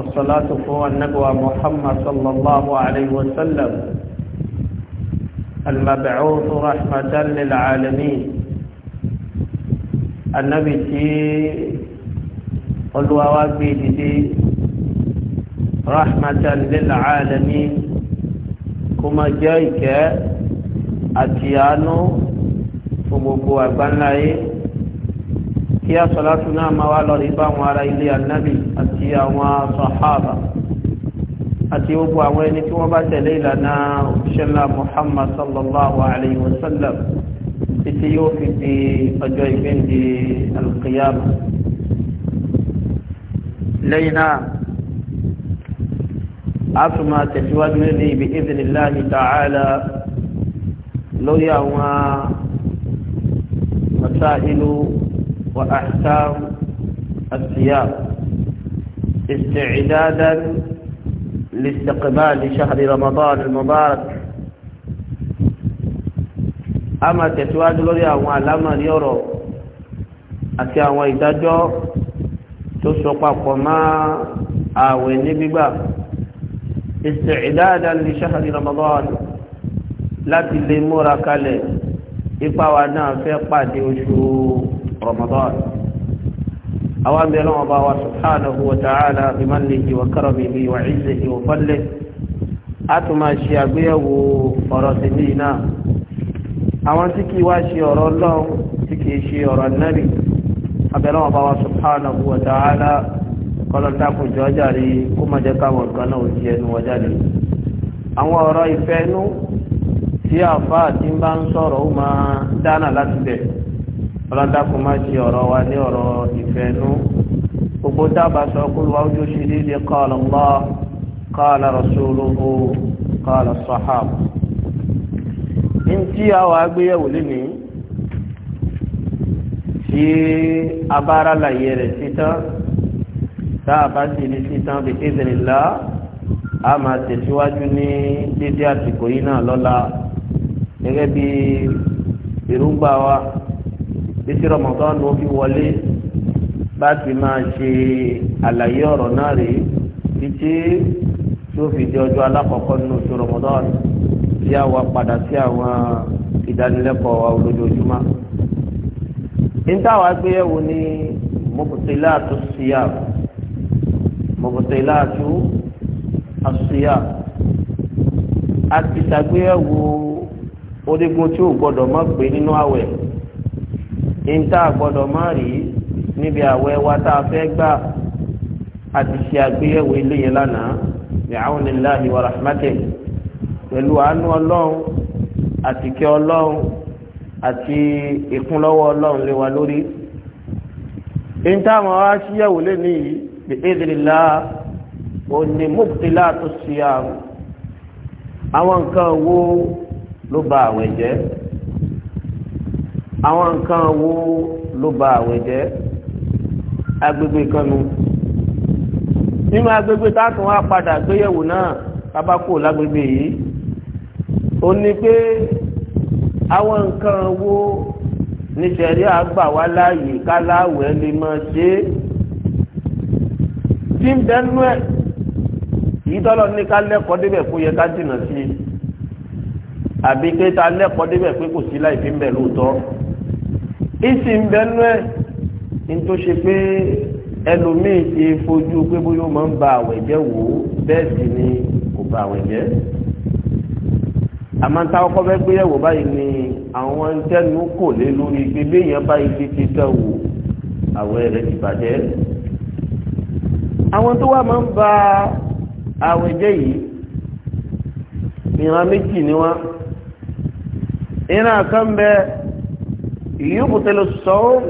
الصلاة هو النبوة محمد صلى الله عليه وسلم المبعوث رحمة للعالمين النبي تي قلوا وابيدي رحمة للعالمين كما جايك أتيانو فمبوا بنلاي kí asọ̀látù náà máa wá lọ rí bá àti àwọn sàhábà àti gbogbo àwọn ẹni tí wọ́n bá tẹ̀lé ìlànà òṣèlá Muhammad sallallahu alayhi wa sallam títí yóò fi di ọjọ́ ìgbéǹde alqiyama lẹ́yìn náà a tún máa tẹ̀síwájú ní ibi idhnillahi ta'ala lórí àwọn masáìlú wa ahkam as استعدادا لاستقبال شهر رمضان المبارك أما تسواد لوريا وعلامة يورو أتيا ويتاجو تسوقا قما أوي بيبا استعدادا لشهر رمضان لا تلمورا múra kalẹ̀ ipa wa náà fẹ́ pàdé أوان بيلوم الله سبحانه وتعالى بمنه وكرمه وعزه وفضله أتما شيابيه ورسلينا أوان تكي واشي أرى الله تكي شي أرى النبي أبيلوم الله سبحانه وتعالى قال تاكو جوجاري كما جكا وكنا وجين وجالي àwọn ọ̀rọ̀ ìfẹ́ inú tí àfáà ti ń bá ń sọ̀rọ̀ ó máa dáná láti bẹ̀rẹ̀ ọlọ́dàkùn má ṣe ọ̀rọ̀ wa ní ọ̀rọ̀ ìfẹ́nú gbogbo dábàá sọ kó lu àwùjọ ṣe déédéé qala Allah qala rasuluhu qala sahaba. ní tí àwọn agbéyẹ̀wò lénìí tí abára làyè rẹ̀ títán tá a bá sì ní títán bí idhnillah a máa tẹ̀síwájú ní déédéé àsìkò yìí náà lọ́la gẹ́gẹ́ wa. títí Ramadan ló fi wọlé bá ti máa ṣe àlàyé ọ̀rọ̀ náà rèé títí tó fi di ọjọ́ alákọ̀ọ́kọ́ nínú oṣù Ramadan tí a wá padà sí àwọn ìdánilẹ́kọ̀ọ́ wa olójoojúmọ́. níta wàá gbé yẹ̀wò ní mubtilatu siyam mubtilatu as-siyam a ti ṣàgbéyẹ̀wò orígun tí ò gbọ́dọ̀ má pé nínú àwẹ̀. níta àgbọ́dọ̀ má rí níbi àwẹ̀ wa tá a fẹ́ gbà àti ṣe àgbéyẹ̀wò ilé yẹn lánàá bi aunillahi wa rahmatih pẹ̀lú àánú ọlọ́run àtìkẹ́ ọlọ́run àti ìkúnlọ́wọ́ ọlọ́run lé wa lórí. níta àwọn wa ṣíyẹ̀wò lé nìyí bi idhnillah òní mubtilatu siyam àwọn nǹkan wo ló ba àwẹ̀ àwọn nǹkan wo ló ba àwẹ̀ jẹ́ agbègbè kan nu nínú agbègbè táàtún wá padà gbéyẹ̀wò náà tabako lágbègbè yìí ó ní pé àwọn nǹkan wo ní sẹ̀rí àgbà wá láàyè káláwẹ̀ lè máa ṣe é tí ń bẹ́nu yìí tọ́lọ̀ ní ká lẹ́kọ̀ọ́ débẹ̀ kó yẹ ká jìnnà sí i àbí pé ta lẹ́kọ̀ọ́ débẹ̀ pé kò sí láì fi ń bẹ̀ lóòótọ́ ìsì ń bẹnu ẹ̀ ní tó ṣe pé ẹlòmíì ti fojú pé bóyá ó máa ń ba àwẹ̀ jẹ́ wò ó bẹ́ẹ̀ sì ni kò ba àwẹ̀ jẹ́ àmọ́ táwọn kọ́ fẹ́ gbéyàwó báyìí ni àwọn tẹnu kò lé lórí pé béèyàn báyìí ti ti tẹ̀ wò àwẹ̀ rẹ̀ ti bàjẹ́ àwọn tó wà máa ń ba àwẹ̀ jẹ́ yìí ìran méjì ni wọ́n ìran kan bẹ́ẹ̀. يبطل الصوم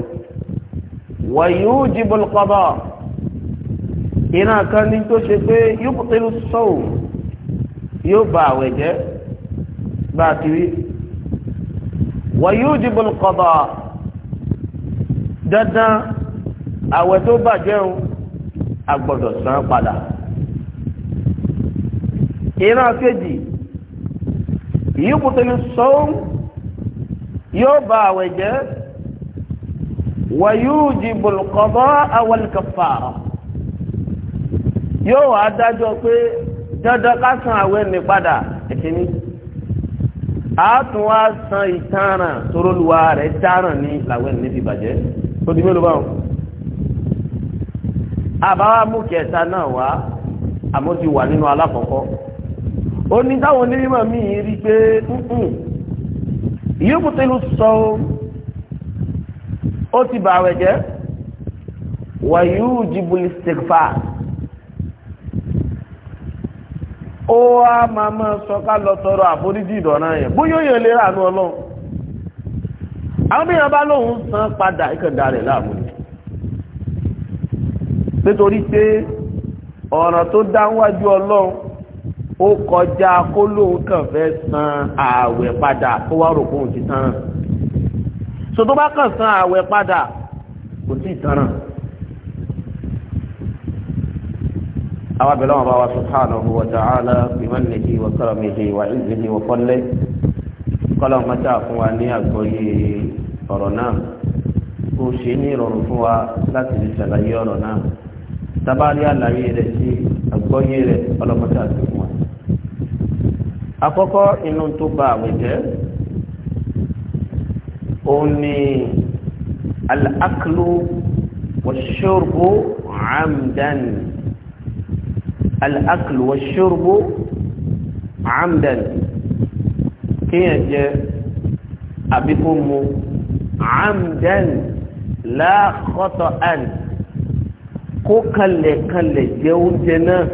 ويوجب القضاء ina kan ni tó ṣe pé yubtilu as-sawm yóò ba àwẹ̀ jẹ́ bá ti wí wa yujibu al-qada dandan àwẹ̀ tó bàjẹ́ o a gbọ́dọ̀ san padà ina kejì yubtilu as-sawm yóò ba àwẹ̀ jẹ́ wa yujibu al-qadaa wal-kaffara yóò wá dájọ́ pé dandan ká san àwẹ̀ ní padà ẹ̀kíní a tún wá san ìtanràn torólùwà rẹ̀ dáràn ní làwẹ̀ ní ti bàjẹ́ tó di mélòó báwọn àbáwá mú kẹta náà wá àmọ́ ti wà nínú alákọ̀ọ́kọ́ ó onímọ̀ míì rí pé yubtilu sawm ó ti bàwẹ̀ jẹ́ wa yujibu istighfar ó wá máa máa sọ ká lọ tọrọ àforíjì ìdọ̀nà yẹn bóyá yóò lè rà nù ọlọ́run àwọn bí wọn bá lóun san padà ìkàndà rẹ̀ láàmú nítorí pé ọ̀ràn tó dá ọlọ́run ó kọjá kó lóun kàn fẹ́ san ààwẹ̀ padà kó wá rò kóun ti tán so tó bá kàn san ààwẹ̀ padà kò tí ì tán náà. àwọn abẹ́lẹ́ wọn bá wa subhanahu wa ta'ala bimanihi wa karamihi wa izzihi wa fadlihi kọ́lá wọn mọ́tà fún wa ní àgbọ́yé ọ̀rọ̀ náà kó ṣe ní ìrọ̀rùn fún wa láti lè ṣàlàyé ọ̀rọ̀ náà tábàárí àlàyé rẹ̀ sí àgbọ́yé rẹ̀ ọlọ́mọ́tà fún wa àkọ́kọ́ inú tó ba àwẹ̀ jẹ́ òun ni al-aklu wash-shurbu amdan al-aklu wash-shurbu amdan kéèyàn jẹ àbí amdan la khata'an kó kalẹ̀ kalẹ̀ jẹ oúnjẹ náà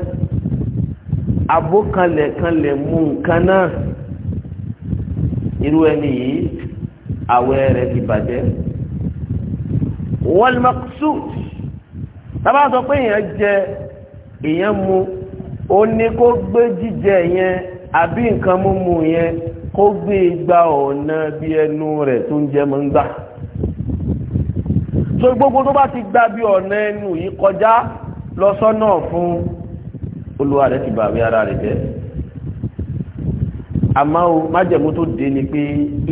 abókanlẹ̀kanlẹ̀ mú nǹkan náà irú ẹni yìí àwẹ̀ rẹ̀ ti bàjẹ́ wal maqsud tábà sọ pé èèyàn jẹ èèyàn mu ó ní kó gbé jíjẹ yẹn àbí nǹkan múmu yẹn kó gbé igba ọ̀nà bí ẹnu rẹ̀ tó ń jẹ mọ́ ń gbà so gbogbo tó bá ti gbà bí ọ̀nà ẹnu yìí kọjá lọ sọ́nà fún un olúwa rẹ ti ara rẹ̀ jẹ́ àmọ́ o májẹ̀mú tó dé ni pé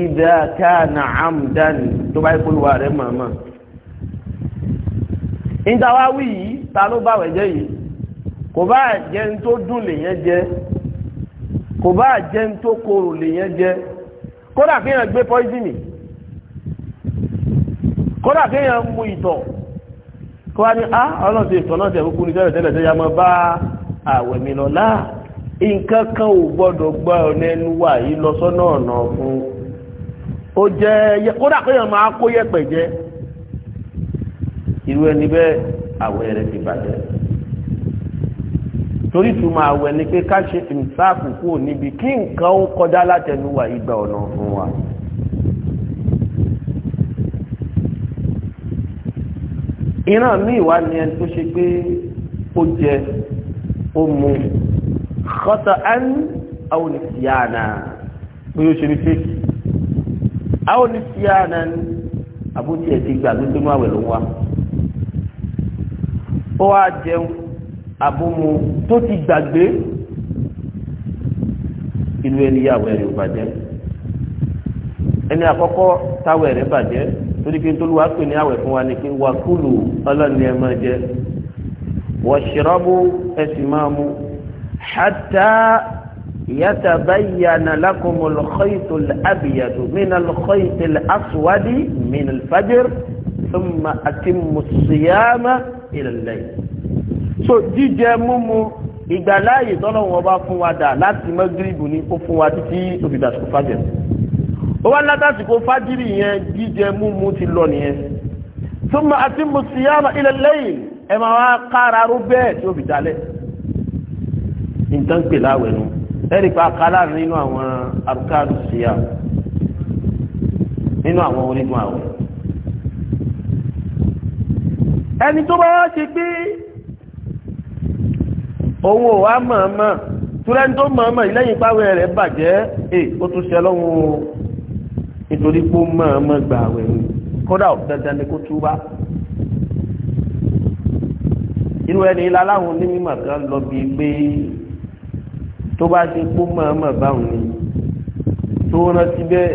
ìdá káàna àmúdání tó bá ikú olúwa rẹ̀ màmá wa wí yìí ta ló bàwẹ̀ jẹ́ yìí kò bá jẹ́ ń tó dùn yẹn jẹ́ kò bá jẹ́ ń tó korò lèyẹn jẹ́ kódà kéèyàn mu ìtọ̀ kó wá ní ah, ìtọ̀ náà tẹ̀ kúkú ní tẹ́lẹ̀ tẹ́lẹ̀ àwẹ̀ mi lọ nǹkan kan ò gbọ́dọ̀ gbọ́ ọ̀nà ẹnu wà yìí lọ sọ́nà ọ̀nà fún ó jẹ́ kódà pé èèyàn máa kó yẹ̀pẹ̀ jẹ irú ẹni bẹ́ẹ̀ àwẹ̀ rẹ̀ ti bàjẹ́ torí àwẹ̀ ni pé ká ṣe ìmùsáàfù kúrò níbi kí nǹkan ó kọjá wa. ìran míì wá ni ẹni tó ṣe pé ó jẹ ó mú khata'an aw nisiana, pé ó ṣe ní fèkì aw nisyana àbútí ẹ̀ ti gbà ló dénú àwẹ̀ ló wá ó wá jẹun àbúmu tó ti gbàgbé inú ẹni yàwó ẹni ò bàjẹ́ ẹni àkọ́kọ́ táwọ̀ ẹ̀rẹ́ torí pé nítorí pè ní àwẹ̀ fún wa ni pé wàkúlù ọlọ́ni ẹ̀ máa jẹ واشربوا اسماموا حتى يتبين لكم الخيط الأبيض من الخيط الأسود من الفجر ثم أتموا الصيام إلى الليل so jíjẹ múmu ìgbàláyè tọ́lọ́wọ́n bá fún wa dà láti mọ́gírìbù ní ó fún wa títí òfìdásíkò fájìrì ó wá látàsíkò fájìrì yẹn jíjẹ múmu ti lọ nìyẹn ثم أتموا الصيام إلى الليل ẹ máa wá kára ró bẹ́ẹ̀ tí ó fi dalẹ̀ nǹkan pè láwẹ̀ nu ẹ̀rí pa kálá nínú àwọn arúkàlù síyà nínú àwọn onígun àwẹ̀ ẹni tó bá wá ṣe pé òun ò wá mọ̀ọ́mọ̀ túrẹ́ni tó mọ̀ọ́mọ̀ lẹ́yìn páwẹ́ rẹ̀ bàjẹ́ ẹ̀ ó tún ṣe lọ́wọ́ nítorí pé ó mọ̀ọ́mọ̀ gbà àwẹ̀ ni kódà ọ̀dẹ́dẹ́ kó túbá irú ẹni láláwọn onímọ̀ kan lọ bíi pé tó bá ti kú mọ̀ọ́mọ̀ báwọn ni tó rántí bẹ́ẹ̀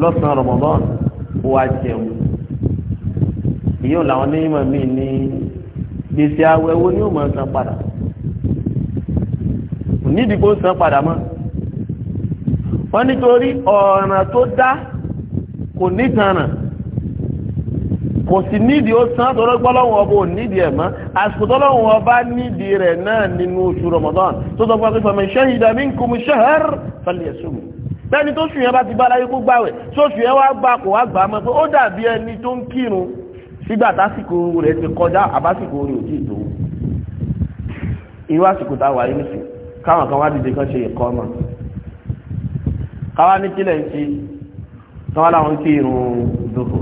lọ́sàn-án Ramadan kó wá jẹun ìyóò làwọn onímọ̀ míì ní gbèsè awẹ́ wo ni ó máa san padà nídìí kó san padà mọ́ wọ́n nítorí ọ̀ràn tó dá kò nítanràn kò sì nídìí ó san tọ́lọ́ gbọ́lọ́wọ́ ọba ò nídìí ẹ̀ mọ́ àsìkò tọ́lọ́wọ́ ọba nídìí rẹ̀ náà nínú oṣù Ramadan tó sọ pé faman shahida minkum shahr falyasum bẹ́ẹ̀ni tó sùn yẹn bá ti bá láyé kó gbàwẹ̀ tó sùn yẹn wá gbà kó wá gbà mọ́ pé ó dàbí ẹni tó ń kírun sígbà tásìkò rẹ̀ ti kọjá àbásìkò rẹ̀ ò tí ì tó irú àsìkò tá a wà yìí káwọn kan wá dìde kan ṣe ìkọ́ ọmọ káwá ní kílẹ̀ ń ṣe káwá láwọn ń kí dòkò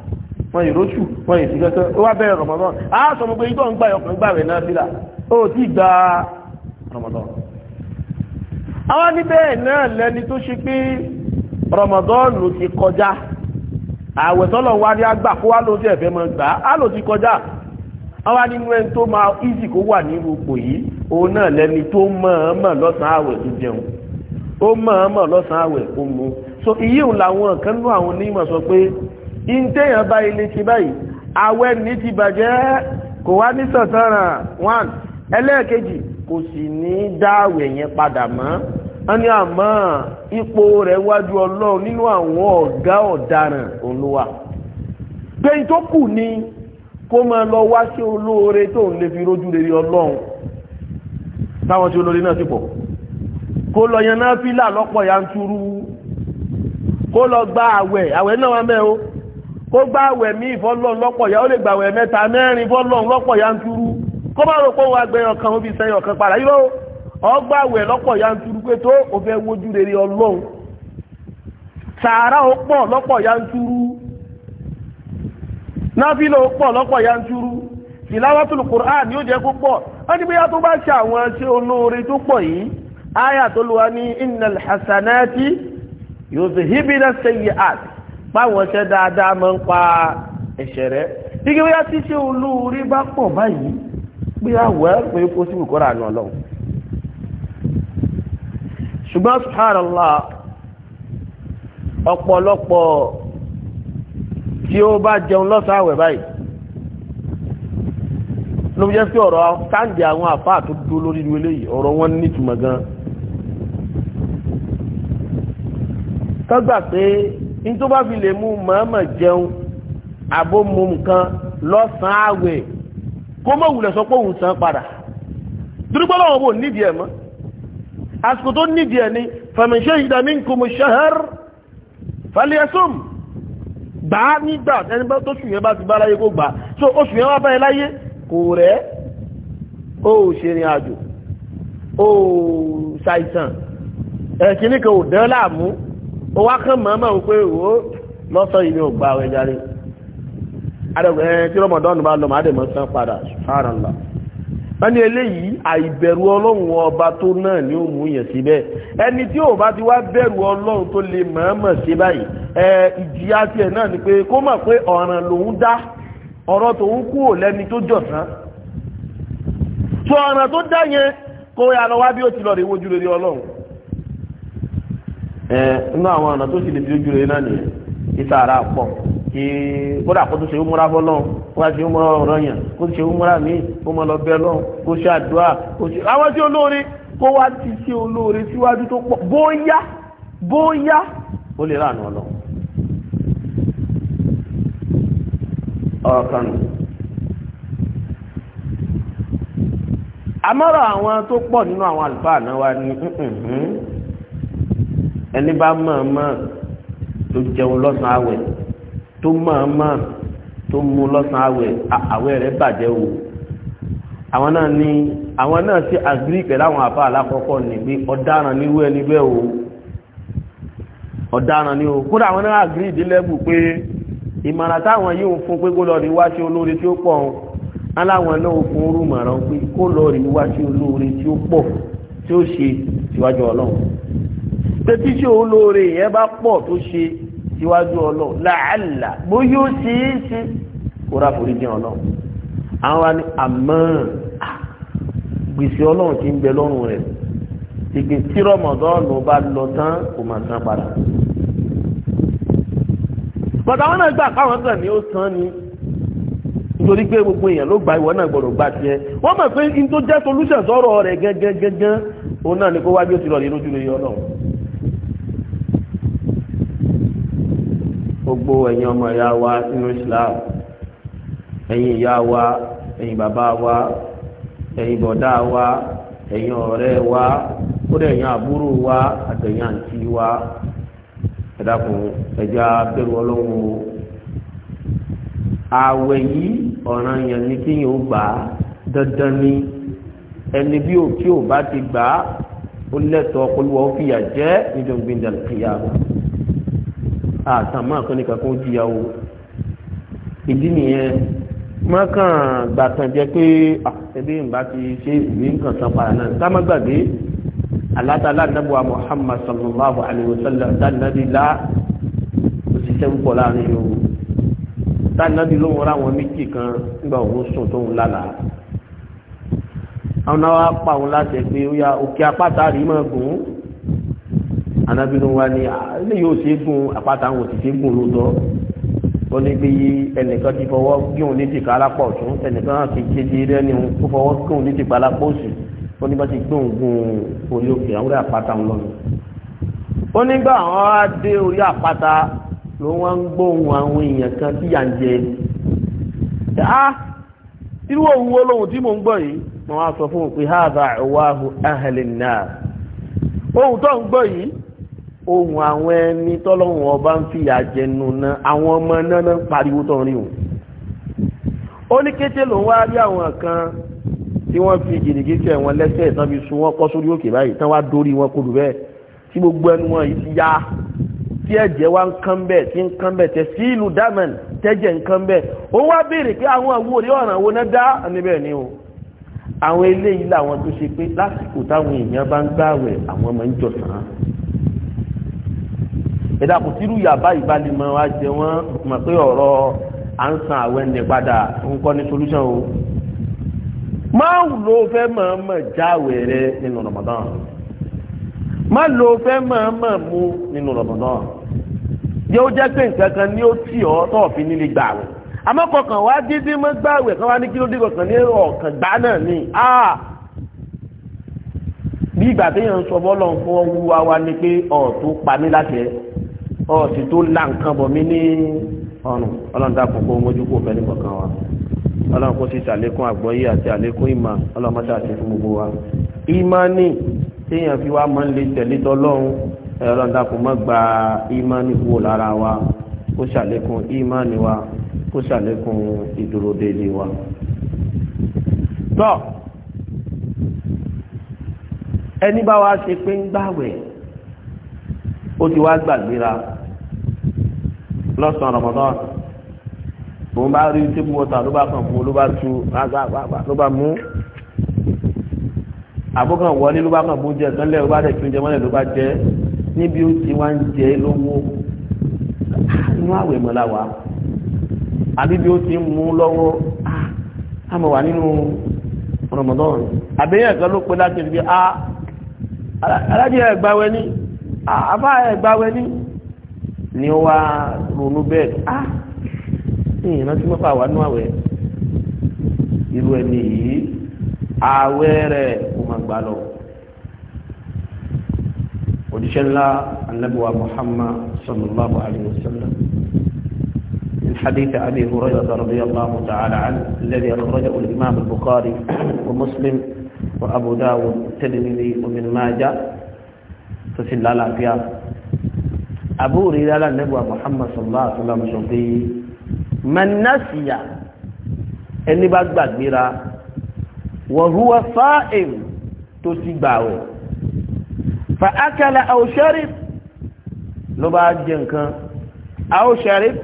wọn ìróṣù wọn ìsìnkẹ́kẹ́ ó wá bẹ̀rẹ̀ rọmọdán á sọ gbogbo ìtọ́ ń gbà ọkùnrin gbà rẹ̀ náà sílà ó ti gba rọmọdán àwọn níbẹ̀ náà lẹni tó ṣe pé rọmọdán ló ti kọjá àwẹ̀ tọ́lọ̀ wá ní àgbà kó wá ló ti ẹ̀fẹ́ mọ́ gbà á ló ti kọjá àwọn nínú ẹni tó máa ízì kó wà ní ipò yìí òun náà lẹni tó mọ̀ọ́mọ̀ lọ́sàn-án àwẹ̀ tó jẹun ó mọ̀ọ́mọ̀ lọ́sàn-án àwẹ̀ ó mu so ìyíhùn làwọn kan nú àwọn onímọ̀ sọ pé ìntẹ́yàn bá ilé ti báyìí àwẹ̀ ní ti bàjẹ́ kò wá ní sọ̀sọ̀ràn one kò sì ní dáàwẹ̀ yẹn padà mọ́ wọ́n ní rẹ̀ wájú ọlọ́run nínú àwọn ọ̀gá ọ̀daràn ni lọ wá sí tó fi ti yan yanturu gba na kó gbá àwẹ̀ mí ìfọ́lọ́n lọ́pọ̀ ya ó lè gbàwẹ̀ mẹ́ta mẹ́rin ìfọ́lọ́n lọ́pọ̀ yanturu kó bá rò pé òun agbẹ̀yàn kan òbí sẹ́yìn ọ̀kan padà yìí ló ọgbà àwẹ̀ lọ́pọ̀ pé tó o fẹ́ wojú rere ọlọ́run sàárà ó pọ̀ lọ́pọ̀ yanturu náfìlà ó pọ̀ lọ́pọ̀ yanturu ìlàwọ́tòlù Qur'an ni ó jẹ́ kó pọ̀ wọ́n ti bá ṣe àwọn ṣe olóore tó pọ̀ báwọn ṣe dáadáa máa ń pa ẹ̀ṣẹ̀ rẹ̀ igi bóyá tí ṣé olóorí bá pọ̀ báyìí pé àwọ̀ ẹ̀ pé kó sí ìkọ́ra àná ọlọ́run ṣùgbọ́n subhanallah ọ̀pọ̀lọpọ̀ tí ó bá jẹun lọ́sàn àwẹ̀ báyìí ló jẹ́ sí ọ̀rọ̀ káńdì àwọn àfáà tó dúró lórí ìlú eléyìí ọ̀rọ̀ wọn nítumọ̀ gan-an tọ́gbà pé nítorí bá fi lè mú màmá jẹun àbó mu nǹkan lọ́sàn-án àwẹ̀ kó mọ̀ wùlẹ̀ sọ pé òun san padà dúrúgbọ́ lọ́wọ́ bò nídìí ẹ̀ mọ́ àsìkò tó nídìí ẹ̀ ni faman shahida minkumu shahr ba gbà á nígbà ẹni bá tó ṣùyẹn bá ti bá láyé kó gbà á so oṣù yẹn wá báyìí o kò rẹ̀ ó ṣèrìn àjò ó ṣàìsàn ẹ̀kíní kan ò dán ó wá kán màmá wò pé wò ó lọ́sọ̀ yìí ni ò gba àwọn ẹja rí bá lọ màá sán padà subhanallah wọ́n ní eléyìí àìbẹ̀rù ọlọ́run ọba tó náà ni ó mú yẹn síbẹ̀ ẹni tí bá ti wá bẹ̀rù ọlọ́run tó lè mọ̀ọ́mọ̀ sí ẹ ìjìyà tiẹ̀ náà ni pé kó pé ọ̀ràn lòun dá ọ̀rọ̀ inú àwọn ọ̀nà tó sì lè fi ojú rẹ̀ náà nìyẹn ìta ara pọ̀ kí kódà kó tó ṣe múra fọlọ́n wá ṣe múra ọ̀rọ̀ yẹn kó ṣe múra mi kó mọ lọ bẹ lọ́n kó ṣe àdúrà kó ṣe àwọn tí olóore kó wá ti ṣe olóore síwájú tó pọ̀ bóyá bóyá ó lè rànà lọ. ọ̀kan nù. àmọ́ràn àwọn tó pọ̀ nínú àwọn àlùfáà náà wá ní ẹni bá mọ̀ọ́mọ̀ tó jẹun lọ́sàn-án àwẹ̀ tó mọ̀ọ́mọ̀ tó mu lọ́sàn-án àwẹ̀ àwẹ̀ rẹ̀ bàjẹ́ o àwọn náà ní àwọn náà sí agiri pẹ̀lú àwọn àfa alákọ̀ọ́kọ́ ní pé ọ̀daràn ní wẹ́ẹ́ níbẹ̀ o ọ̀daràn ní o kódà àwọn náà agiri ìdílẹ́bù pé ìmọ̀ràn táwọn yìí ń fún pé kó lọ rí wáṣẹ olóore tí ó pọ̀ ọ́n aláwọn náà ó fún orúmọ̀ràn pé kó lọ rí wáṣẹ olóore tí ó pọ̀ tí ó ṣe síwájú ọlọ́run tẹ́tí ṣe olóore yẹn bá pọ̀ tó ṣe síwájú ọlọ́run làálà bó ó ṣe é ṣe kó rà foríjì ọlọ́run àwọn ni àmọ́ gbèsè ọlọ́run ti ń bẹ lọ́rùn rẹ̀ ìgbè tí rọmọdọ́ọ̀nù bá lọ tán kò máa padà náà gbà káwọn ní ó ni nítorí pé gbogbo èèyàn ló gba ìwọ náà gbọdọ̀ gbà wọ́n mọ̀ pé tó jẹ́ solution sọ̀rọ̀ rẹ̀ gẹ́gẹ́gẹ́gẹ́ òun náà ni kó ó ti gbogbo ẹ̀yin ọmọ ìyá wa nínú islam ẹ̀yin ìyá wa ẹ̀yin bàbá wa ẹ̀yin bọ̀dá wa ẹ̀yin ọ̀rẹ́ wa kódà ẹ̀yin àbúrò wa àtẹ̀yin àǹtí wa ẹ dákun ẹja bẹ̀rù ọlọ́run o ààwẹ̀ yìí ọ̀ràn yẹn ni kéèyàn ó gbà á dandan ni ẹni bí òkè ò bá ti gbà á ó lẹ́tọ̀ọ́ pẹ̀lú ọ́ fìyà nítorí gbẹ̀ndàlùkìyà rẹ̀ àtàmọ́ àkọ́nìkan kó jìyàwó ìdí nìyẹn mọ́kàn gbàtàn jẹ́ pé ẹbí ń bá ti ṣe ìwé nǹkan san padà náà ká má gbàgbé alátàlá nàbùwà Muhammad sallallahu alayhi wa sallam tánàbí lá òṣìṣẹ́ púpọ̀ láàrin yòó tánàbí ló ń wọ́n ráwọn méjì kan nígbà òun sùn tó ń lálàá àwọn náà wá pa òun láti ẹ̀ pé ó yá òkè apáta rí mọ́ gùn ún anábìnú wa ni ilé ah, yóò ṣe gùn àpáta àwọn òtítí gùn lóòótọ́ ó ní bí ẹnìkan ti fọwọ́ gíhùn ní tìka alápọ̀ ọ̀tún ẹnìkan náà ti kéde rẹ́ni ó fọwọ́ gíhùn ní tìka alápọ̀ òsì ó ní bá ti gbóhùn gùn orí òkè àwọn àpáta ń lọ́nu ó nígbà àwọn á dé orí àpáta ló wọ́n ń gbóhùn àwọn èèyàn kan tí yà ń jẹ ah irú òun wo tí mò ń gbọ́ yìí wọ́n á sọ fún òpin háàbà ìwáhù ahàlì náà ohun tó ń gbọ́ yìí ohun àwọn ẹni tọ́lọ́hun ọba ń fìyà jẹnu náà àwọn ọmọ náà ń pariwo tán rí òun ó ní kété lòun wá rí àwọn kan tí wọ́n fi jìnnìkìtì wọn lẹ́sẹ̀ tán fi sun wọn kọ́ sórí òkè báyìí tán wá dórí wọn kodò bẹ́ẹ̀ tí gbogbo ẹnu wọn yìí ti yá tí ẹ̀jẹ̀ wá ń kán bẹ́ẹ̀ tí ń kán bẹ́ẹ̀ tẹ̀ sí ìlú dámẹ́n tẹ́jẹ̀ ń kán bẹ́ẹ̀ ó wá béèrè pé àwọn àwo rí ọ̀ràn wo náà dá níbẹ̀ ni o àwọn eléyìí làwọn tó ṣe pé lásìkò táwọn èèyàn bá ń gbààwẹ̀ àwọn máa ń jọ̀sán ẹ̀dá kò sírú yàbá ìbálẹ̀mọ́ wa jẹ wọ́n mọ̀ pé ọ̀rọ̀ à ń san àwọn ẹni padà ń kọ́ ní solution o máa ń lo fẹ́ máa mọ̀ jáwé rẹ nínú Ramadan máa lo fẹ́ máa mọ̀ mú nínú Ramadan yóò jẹ́ pé nǹkan kan ni ó tì ọ́ tó fi nílé gbà wẹ̀ àmọ́ kọ̀ọ̀kan wá dídí mọ́ gbà wẹ̀ kan wá ní kílódé kọ̀ọ̀kan ní ọ̀kan gbà náà ni bí ìgbà téèyàn ń sọ bọ́ọ̀lù fún ọwọ́ wa ni pé ọ̀ tó pa mí láti ọtí tó la nǹkan bọ̀ mí ní ọrùn ọlọ́run dá kókó mójú kó fẹ́ nípa kan wa ọlọ́run kó sì ṣàlékún àgbọ́yé àti àlékún ìmọ̀ ọlọ́run mọ́tà àti fún gbogbo wa ìmánì téèyàn fi wá máa ń lè tẹ̀lé tọ́lọ́run ọlọ́run dá kó má gba ìmánì kúrò lára wa kó ṣàlékún ìmánì wa kó ṣàlékún ìdúró déédéé wa. tọ́ ẹni bá wa ṣe pé ń gbàwẹ̀ ó ti wá gbàgbéra lọ́sàn-án Ramadan mo bá rí tébù wọ́tà ló bá kàn fún ló bá tu ló bá mú àbúkàn wọlé ló bá kàn fún jẹ kan lẹ́yìn ló bá dẹ̀ tún jẹ mọ́lẹ̀ ló bá jẹ níbi ó ti wá ń jẹ lówó inú àwẹ̀ mọ́lá wa àbí bí ó ti ń mú lọ́wọ́ a mọ̀ wà nínú Ramadan àbẹ́yẹ̀ kan ló pe láti rí bí a alájẹ́ ẹ̀gbáwẹ́ ní àbá ẹ̀gbáwẹ́ ní ni ó wá ronú bẹ́ẹ̀ ah ní ìrántí mọ́fà wà nú àwẹ̀ irú ẹni yìí àwẹ̀ rẹ̀ kò máa gbà lọ. òjíṣẹ́ ńlá anábíwá muhammad sallallahu alayhi wa sallam من حديث أبي هريرة رضي الله تعالى عنه الذي أخرجه الإمام البخاري ومسلم وأبو داود والترمذي ومن ماجه ففي الله العافية àbúrò rírá nẹ́bùwà Muhammad sallallahu alaihi wasallam sọ pé manasiya ẹni bá gbàgbéra wa huwa sa'im tó ti gbààwẹ̀ fa akala aw sharib ló bá jẹ nǹkan aw sharib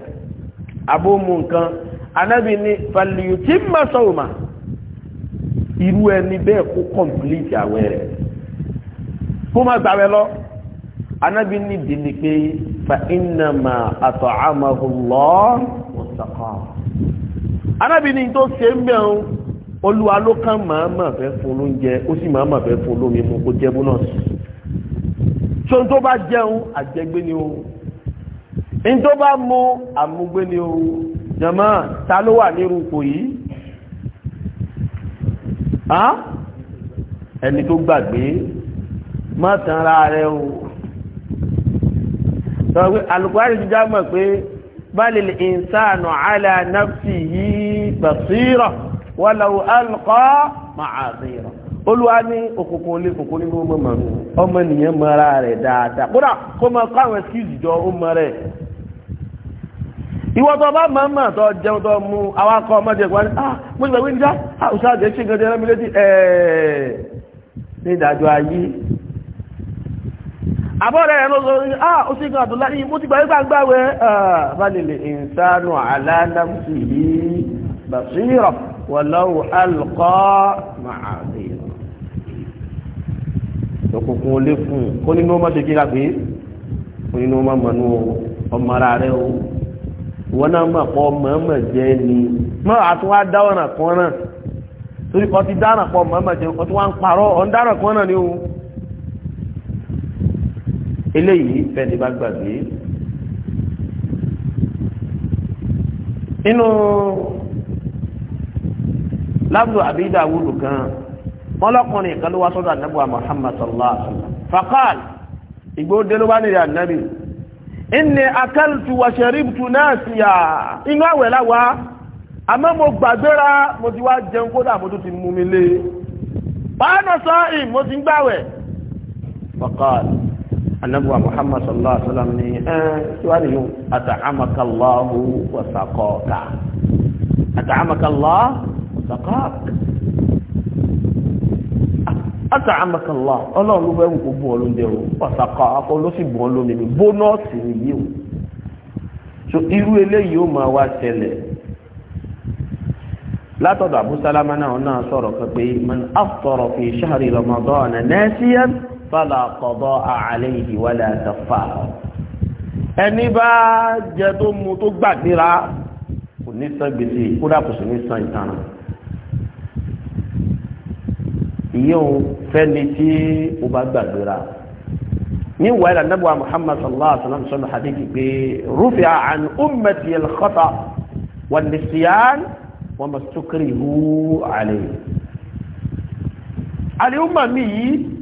abómu nǹkan anábì ní falyutimma sawma irú ẹni bẹ́ẹ̀ kó kọ̀m̀plíìtì àwẹ̀ kó má gbàwẹ̀ lọ anábì níbi ni pé fa innama at'amahu Allah wa saqah anábì ní tó ṣe ń bẹ̀rún olúwa ló kàn màámà fẹ́ fún lóúnjẹ ó sì màámà fẹ́ fún lómi mu kó jẹ́ bónọ́sì tó tó bá jẹun àjẹgbé ni o ní tó bá mú àmúgbé ni o jàmá ta ló wà nírú ipò yìí ẹni tó gbàgbé má tanra rẹ o sọ pé alùpùpù ti já mọ̀ pé balil insanu ala nafsihi basira walau alqa ma'azira olúwa ní òkòkò olè kòkò nínú ọmọ màmú ọmọ nìyẹn mara rẹ̀ dáadáa kódà kó máa kó àwọn ẹsíkìsì jọ ó mọ rẹ̀ ìwọ bá máa mà tó jẹun tó mú awakọ ọmọdé ẹgbẹ́ ní ah mo ti gbàgbé níjà ah òṣàjẹ ṣe nǹkan jẹ ẹrẹ mi létí ẹẹ ayé àbọ́rẹ̀ ẹ̀ ló sọ ah ó sì kan àdúlá ní mo ti gbà wípé àgbàwẹ̀ balẹ̀lẹ̀ ìsánú àlànàmùsì yìí bàṣírọ̀ wọ̀lọ́wọ̀ alùkọ́ màáfi òkùnkùn olé fún un kó nínú ọmọ ṣe kíra pé kó eléyìí fẹ́ni bá gbàgbé nínú lábùdó àbí dàwúdù kan wọn lọkùnrin kan ló wá sọ́dọ̀ ànábì Muhammad sallallahu alaihi wa sallam faqal ìgbó délé wá nílẹ̀ ànábì inni akaltu wa sharibtu nasiya inú àwẹ̀ láwàá àmọ́ mo gbàgbéra mo ti wá jẹun kódà mo tún ti mú mi lé pàánà sọ mo ti ń gbàwẹ̀ faqal anabuwa muhammad sallallahu alaihi wa sallam ni ẹn tiwari yun atacamakallahu wasakọka atacamakallah wasakọka atacamakallah ọlọ́run ló bẹ́ẹ̀ kó bọ́ lóúnjẹ o wasakọka ló sì bọ́ lómi ni bónọ́ọ̀sì nìyí o so irú eléyìí ó máa wá ṣẹlẹ̀ látọ̀dọ̀ abu salama náà náà sọ̀rọ̀ pé man aftara fi shahri ramadan nasiyan fàlà kọ̀dọ̀ àlẹ́ yìí wọlé àtẹ̀fà ẹni bá jẹ tó mu tó gbàgbéra kò ní san gbèsè kódà kò sì ní san ìtàn ìyóò fẹ́ni tí o bá gbàgbéra ní wàhálà nàbùwà muhammad sallallahu alaihi wa sallam sọ̀rọ̀ hadithi pé rufi an ummati al-khata wa nisiyan wa masukrihu alayhi. àlè umma mi yìí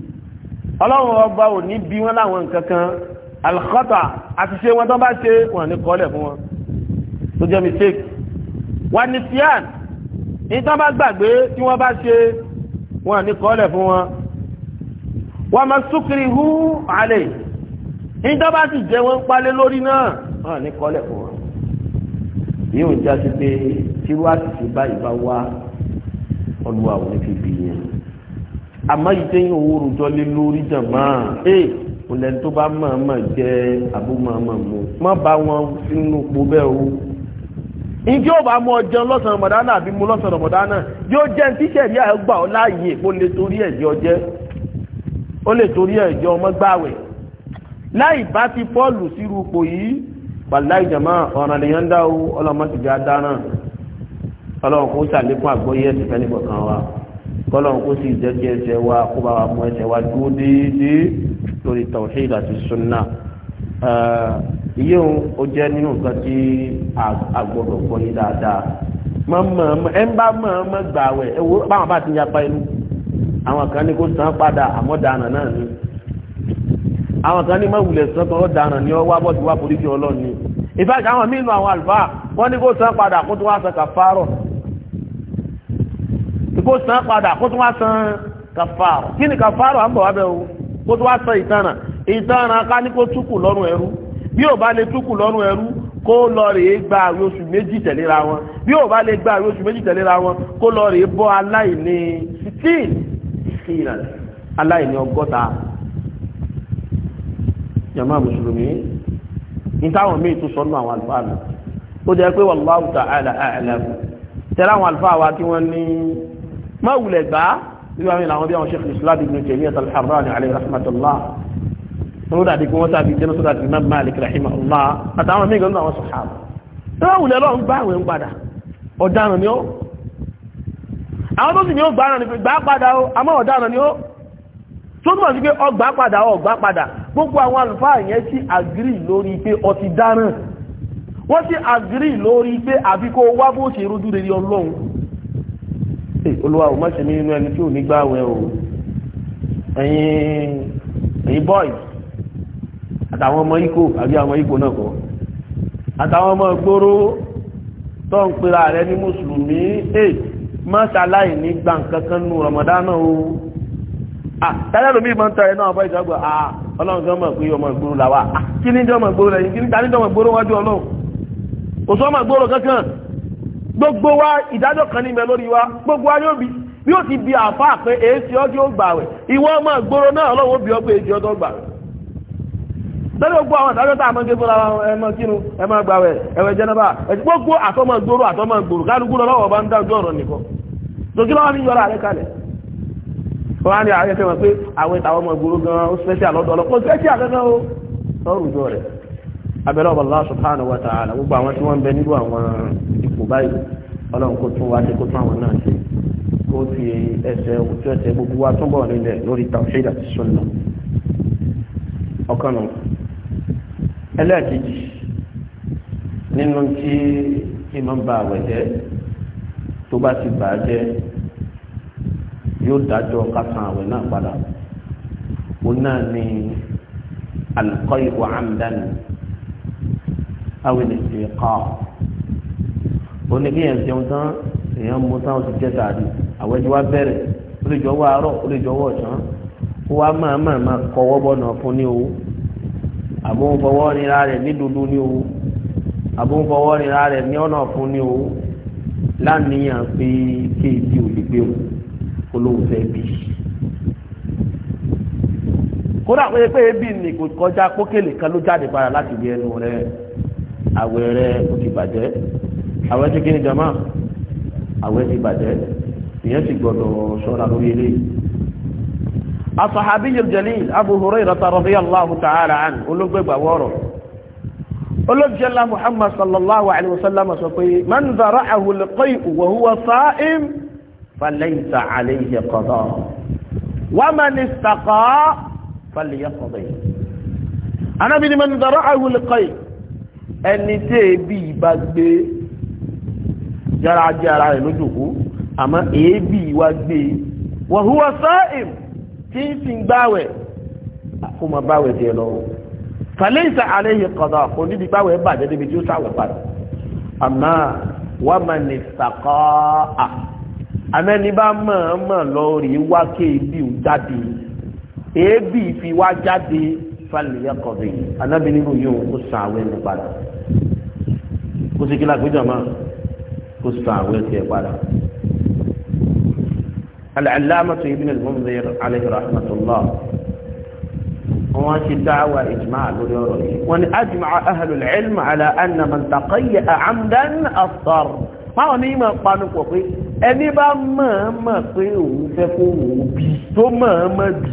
ọlọ́run ọba ò ní bí wọ́n láwọn nǹkan kan alkhata àti ṣe wọn tó bá ṣe wọn ní kọ́lẹ̀ fún wọn tó jẹ́ mistake wọn ni fian ní tó bá gbàgbé tí wọ́n bá ṣe wọn ní kọ́lẹ̀ fún wọn wọ́n máa súkiri hú àlè ní tó bá sì jẹ́ wọ́n palẹ̀ lórí náà wọn ní kọ́lẹ̀ fún wọn yóò já sí pé tírú àṣìṣe báyìí bá wá ọlúwa ò fi bì yẹn àmọ́ ìtẹ́yìn owó rojọ́ lé lórí jàmá ee olẹ́ni tó bá mọ̀ọ́mọ̀ jẹ́ àbúmọ̀ọ́mọ̀ mu má bá wọn sínú po bẹ́ẹ̀ o ǹjẹ́ ò bá mú ọjọ́ lọ́sàn-án rọ̀mọ̀dánà àbí mú lọ́sàn-án rọ̀mọ̀dánà yóò jẹ́ tíṣẹ̀ rí àgbà ọ láàyè ó lè torí ẹ̀jọ́ jẹ́ ó lè torí ẹ̀jọ́ ọmọ gbàwẹ̀ láì bá ti fọ́ọ̀lù sírú ipò yìí pàlá ìjàmá ọ̀ràn lèyàn ń o ọlọ́mọ ti jẹ́ adáná ọlọ́run kò sàlékún àgbọ́yé ẹ̀sìn fẹ́ nìkan kan wa kọ́lọ́n kó sì jẹ́jẹ́ ẹsẹ̀ wa kó bá wa mú ẹsẹ̀ wa dúró déédéé lórí tawhid àti sunna yíyún ó jẹ́ nínú nǹkan tí a gbọ́dọ̀ kọ́ yí dáadáa mọ̀mọ́ ẹ ń bá mọ̀ọ́mọ́ gbà wẹ̀ ẹ wo báwọn bá ti ń yapa inú àwọn kan ní kó san padà àmọ́ dáná náà ni àwọn kan ní mọ̀wulẹ̀ san kan ó dáná ni ó wá bọ́ọ̀dù wá polisi ọlọ́ọ̀ni ìfẹ́ àwọn míì nù àwọn àlùfáà wọ́n ní kó san padà kó tó wá san kó san padà kó tún wá san kàfàrọ̀ kí ni kàfàrọ̀ à ń bọ̀ wá bẹ́ẹ̀ o kó tún wá san ìtanràn ìtanràn ká ní kó túkù lọ́rùn ẹrú bí ò bá lè túkù lọ́rùn ẹrú kó lọ rèé gba àwẹ̀ oṣù méjì tẹ̀léra wọn bí ò bá lè gba àwẹ̀ oṣù méjì tẹ̀léra wọn kó lọ rèé bọ́ aláìní sixteen sixteen aláìní ọgọ́ta jama mùsùlùmí ní táwọn míì tún sọ́nù àwọn àlùfáà náà ó jẹ́ pé wallahu ta'ala a'lam tẹ́lá àwọn àlùfáà wa tí wọ́n ní má wulẹ̀ gbá nígbà míì làwọn bí àwọn Sheikh Islam ibn Taymiyyah al-Harrani alayhi rahmatullah wọn ó dàbí kí wọ́n sábì jẹ́ lọ́sọ̀dà tí Imam Malik rahimahullah àtàwọn míì gan-an àwọn sọ̀hábà tó bá wulẹ̀ lọ́wọ́ ń bá àwọn padà ọ̀daràn ni ó àwọn tó sì ní ó gbáràn ní gbá padà ó àmọ́ ọ̀daràn ni ó tó túnmọ̀ sí pé ọgbà padà ọgbà padà gbogbo àwọn àlùfáà yẹn sì àgírí lórí pé ọtí dáràn wọ́n sì àgírí lórí pé àbíkó wá bó ṣe rójú ọlọ́run olúwa ò má ṣe mí nínú ẹni tí ò ní gbààwẹ̀ o ẹ̀yin ẹ̀yin boys àtàwọn ọmọ ikó àbí àwọn ikó náà kọ́ àtàwọn ọmọ gbòòrò tó ń pera rẹ ní mùsùlùmí ẹ̀ má ṣaláì ní gbà nǹkan kan nù Ramadan o tẹ́lẹ̀ lómi ìbọn tẹ̀lé náà ọ̀bọ ìjọba ọlọ́run kan mọ̀ pé ọmọ ìgboro làwà kí ni jọmọ ìgboro lẹ́yìn kí ni ta ni jọmọ ìgboro wájú ọlọ́run kò sọ́mọ ìgboro kankan gbogbo wa ìdájọ́ kan ní mẹ́ lórí wa gbogbo wa yóò bi bí ó ti bí àfáà pé èéṣì ọjọ́ ó gbà ọmọ ìgboro náà ọlọ́wọ́ bí ọgbẹ́ èéṣì ọjọ́ gbà wẹ̀ àwọn ìdájọ́ tá a máa ń ẹmọ kínú ẹmọ ẹwẹ̀ gbogbo àtọmọ àtọmọ kálukú lọ́wọ́ bá ń dájú ọ̀rọ̀ nìkan lọ́wọ́ abẹ́rẹ́ ọba Allah subhanahu wa ta'ala gbogbo àwọn tí wọ́n ń bẹ nílùú àwọn ipò báyìí ọlọ́run kó tún wá sí kó tún àwọn náà ṣe kó fi ẹsẹ̀ òtún ẹsẹ̀ gbogbo wa túnbọ̀ nílẹ̀ lórí tawhid àti sunna ọkàn náà ẹlẹ́ẹ̀kejì nínú tí kí máa ń ba àwẹ̀ jẹ́ tó bá ti bà á jẹ́ yóò dájọ́ ká san àwẹ̀ náà padà ó náà ní alqay'u amdan awil istiqam ó ní kéèyàn jẹun tán èèyàn mú tán ó ti jẹ sàárì àwọn ẹjọ́ wa bẹ̀rẹ̀ ó lè jọ wọ àárọ̀ ó lè jọ wọ ọ̀sán ó wá máa máa máa kọwọ́ bọ̀nà fún ní o àbófọwọ́ nira rẹ̀ ní dúdú ni o àbófọwọ́ nira rẹ̀ ní ọ̀nà fún ní o láníyàn pé kéèdì ò lè gbé o olóhùn fẹ́ bí kódà pé pé ebi nì kò kọjá pókèlè kan ló jáde padà láti ibi ẹnu rẹ̀ àwẹ̀ rẹ ó ti bàjẹ́ àwẹ̀ ti kíni jama àwẹ̀ ti bàjẹ́ ìyẹn ti gbọdọ̀ ṣọ́ra lórí eléyìí asahabi jalil abu hurairah radiyallahu ta'ala an olugbe gbaworo olojela muhammad sallallahu alaihi wasallam sọ pé man zara'ahu alqay'u wa huwa sa'im falaysa alayhi qada wa man istaqa falyaqdi ana bi man zara'ahu alqay'u ẹni tí èébì bá gbé yára jẹ́ ara rẹ̀ lójòkó àmọ́ èébì wá gbé wa huwa sa'im tí ń fi gbáwẹ̀ kó máa báwẹ̀ tiẹ̀ lọ falaysa alayhi qada kò níbi báwẹ̀ bàjẹ́ débi tí ó padà àmọ́ wa man istaqa'a àmẹ́ni bá mọ̀ọ́mọ̀ lọ rí wákè èébì jáde èébì fi wá jáde fàlìyàkọ̀bì anábì nínú yóò kó san àwẹ̀ ní padà kó sì kí lágbèjọ máa kó san àwẹ̀ tiẹ̀ padà. العلامة ابن المنذر عليه رحمة الله واشي دعوة إجماع وأن أجمع أهل العلم على أن من تقي عمدا أفطر fáwọn ní mọ̀ panu pọ̀ pé ẹni bá mọ̀ mọ̀ pé òun fẹ́ kó òun bì tó mọ̀ mọ̀ bì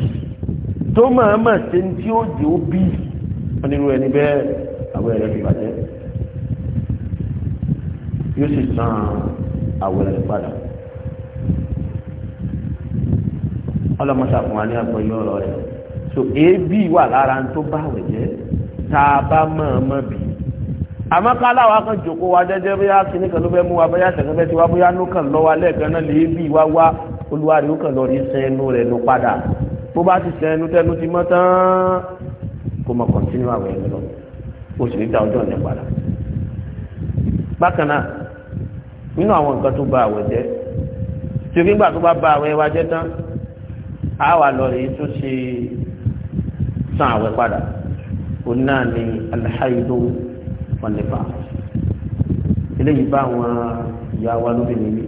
tó máa máa ṣe ní tí ó jẹ́ ó bí onírú ẹni bẹ́ẹ̀ àwẹ̀ rẹ̀ ti bàjẹ́ san àwẹ̀ rẹ̀ padà. ọlọ́mọṣà fún wa ní ọ̀rọ̀ rẹ̀ so èébì wà lára tó bá jẹ́ tá a bá máa àmọ́ wa kan jòkó wa jẹ́jẹ́ bóyá kíní kan ló fẹ́ mú wa bóyá sẹ̀kẹ́ fẹ́ ti wá bó bá ti sẹnu tẹnu ti mọ́ tán kó mọ kọ́ntínú àwẹ̀ ẹ̀ lọ kó sì ní dá ọjọ́ ọ̀nà padà. bákan náà nínú àwọn nǹkan tó ba àwẹ̀ jẹ́ tí o nígbà tó bá ba àwẹ̀ wa jẹ́ tán á wà lọ rèé tó ṣe san àwẹ̀ padà òun náà ni alhaidu wan eléyìí bá àwọn ìyá wa lóbìnrin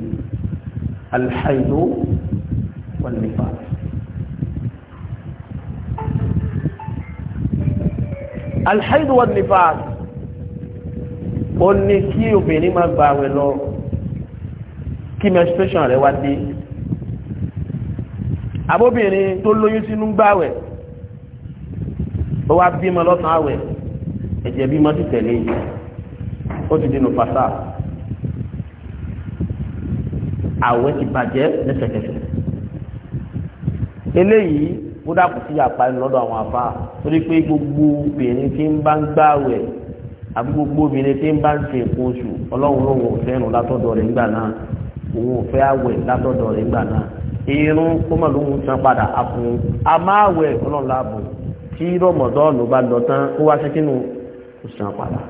alhaidu wan nifas. alhaidu wa nifas ó ní kí obìnrin máa gba àwẹ̀ lọ kí menstruation rẹ̀ wá dé abóbìnrin tó lóyún sínú gbàwẹ̀ ó wá bímọ lọ́sàn-án àwẹ̀ ẹ̀jẹ̀ bímọ ti tẹ̀lé ó ti dínú fasa àwẹ̀ ti bàjẹ́ lẹ́sẹ̀kẹsẹ̀ eléyìí kódà kò sí àpáyé lọ́dọ̀ àwọn afá torí pé gbogbo obìnrin tí ń bá ń gbààwẹ̀ àbí gbogbo obìnrin tí ń bá ń ṣe nǹkan oṣù ọlọ́run lòun ò fẹ́ràn látọ̀dọ̀ rẹ̀ ńgbà náà òun ò fẹ́ àwẹ̀ látọ̀dọ̀ rẹ̀ ńgbà náà irun kó mọ̀ lóhun san padà àfún amáwẹ̀ ọlọ́run láàbò tí rọ̀mọ̀dọ́ọ̀nù bá lọ tán ó wá ṣẹ́kínú ó san padà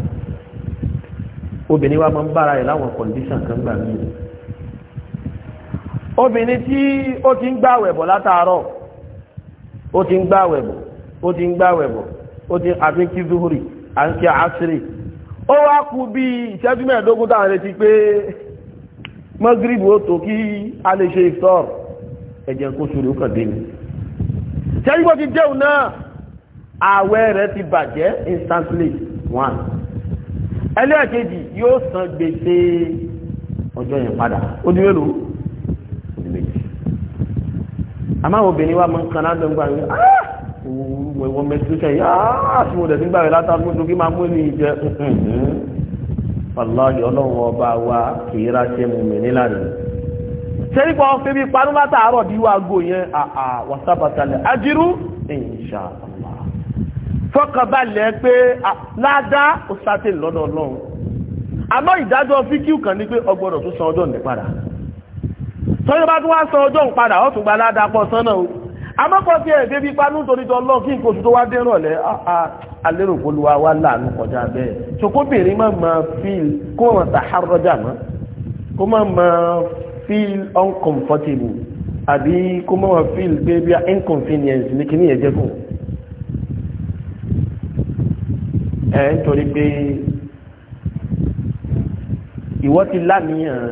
obìnrin wa máa ń bára rẹ̀ láwọn kọ̀ǹdíṣàn kan gbà mí obìnrin tí ó ti ń gbààwẹ̀ bọ̀ látàárọ̀ ó ti ń gbààwẹ̀ bọ̀ ó ti ń gbààwẹ̀ bọ̀ ó ti àti ń kí zuhuri à asiri ó wá kú bí ìṣẹ́jú mẹ́ẹ̀ẹ́dógún táwọn retí pé mọ́gírìbù ó tó kí a lè ṣe ìfọ́r ẹ̀jẹ̀ kó sùúrù ó kàn dé ni ṣẹ́jú bó ti jẹun náà ààwẹ̀ rẹ̀ ti bàjẹ́ instantly one ẹlẹ́ẹ̀kejì yóò san gbèsè ọjọ́ yẹn padà ó di mélòó àmọ́ àwọn obìnrin wa máa ń kan ládùn gbà ní ìwọ̀n mẹtírẹ́sẹ̀ yìí àti ah! mo dẹ̀sí gbà rẹ̀ látàkùn tó kí máa mú ní ìjẹ wàláhì ọlọ́run ọba wa kì í ráṣẹ́ mu mi nílànà sẹ́ríkọ̀ fẹ́bi panú látàárọ̀ bí wàá gò yẹn wàsápàtàlẹ̀ ajírú insha Allah fọkànbalẹ̀ pé ládá ó sátẹ̀ lọ́dọ̀ ọlọ́run àmọ́ ìdájọ́ fíkíù kan ní pé ọgbọ́dọ̀ tó san ọjọ́ nípadà tọ́jọ́ bá tún wá san ọjọ́ ìpadà ọ̀tún gba ládàpọ̀ sánà o amọ́kọ̀ tí ẹ̀ débi panú torí tọ́ lọ́ kí n kòtù tó wá dé rọ̀lẹ́ alérò ah, ah, polúwa wá láàánú kọjá bẹ́ẹ̀ ṣokóbìnrin má máa feel kó wọn tàhárọ́jà mọ́ kó má máa feel uncomfortable àbí kó má máa feel pé bí inconvenience ní kíní ẹ̀jẹ̀ kù ẹ̀ nítorí pé ìwọ ti láníyàn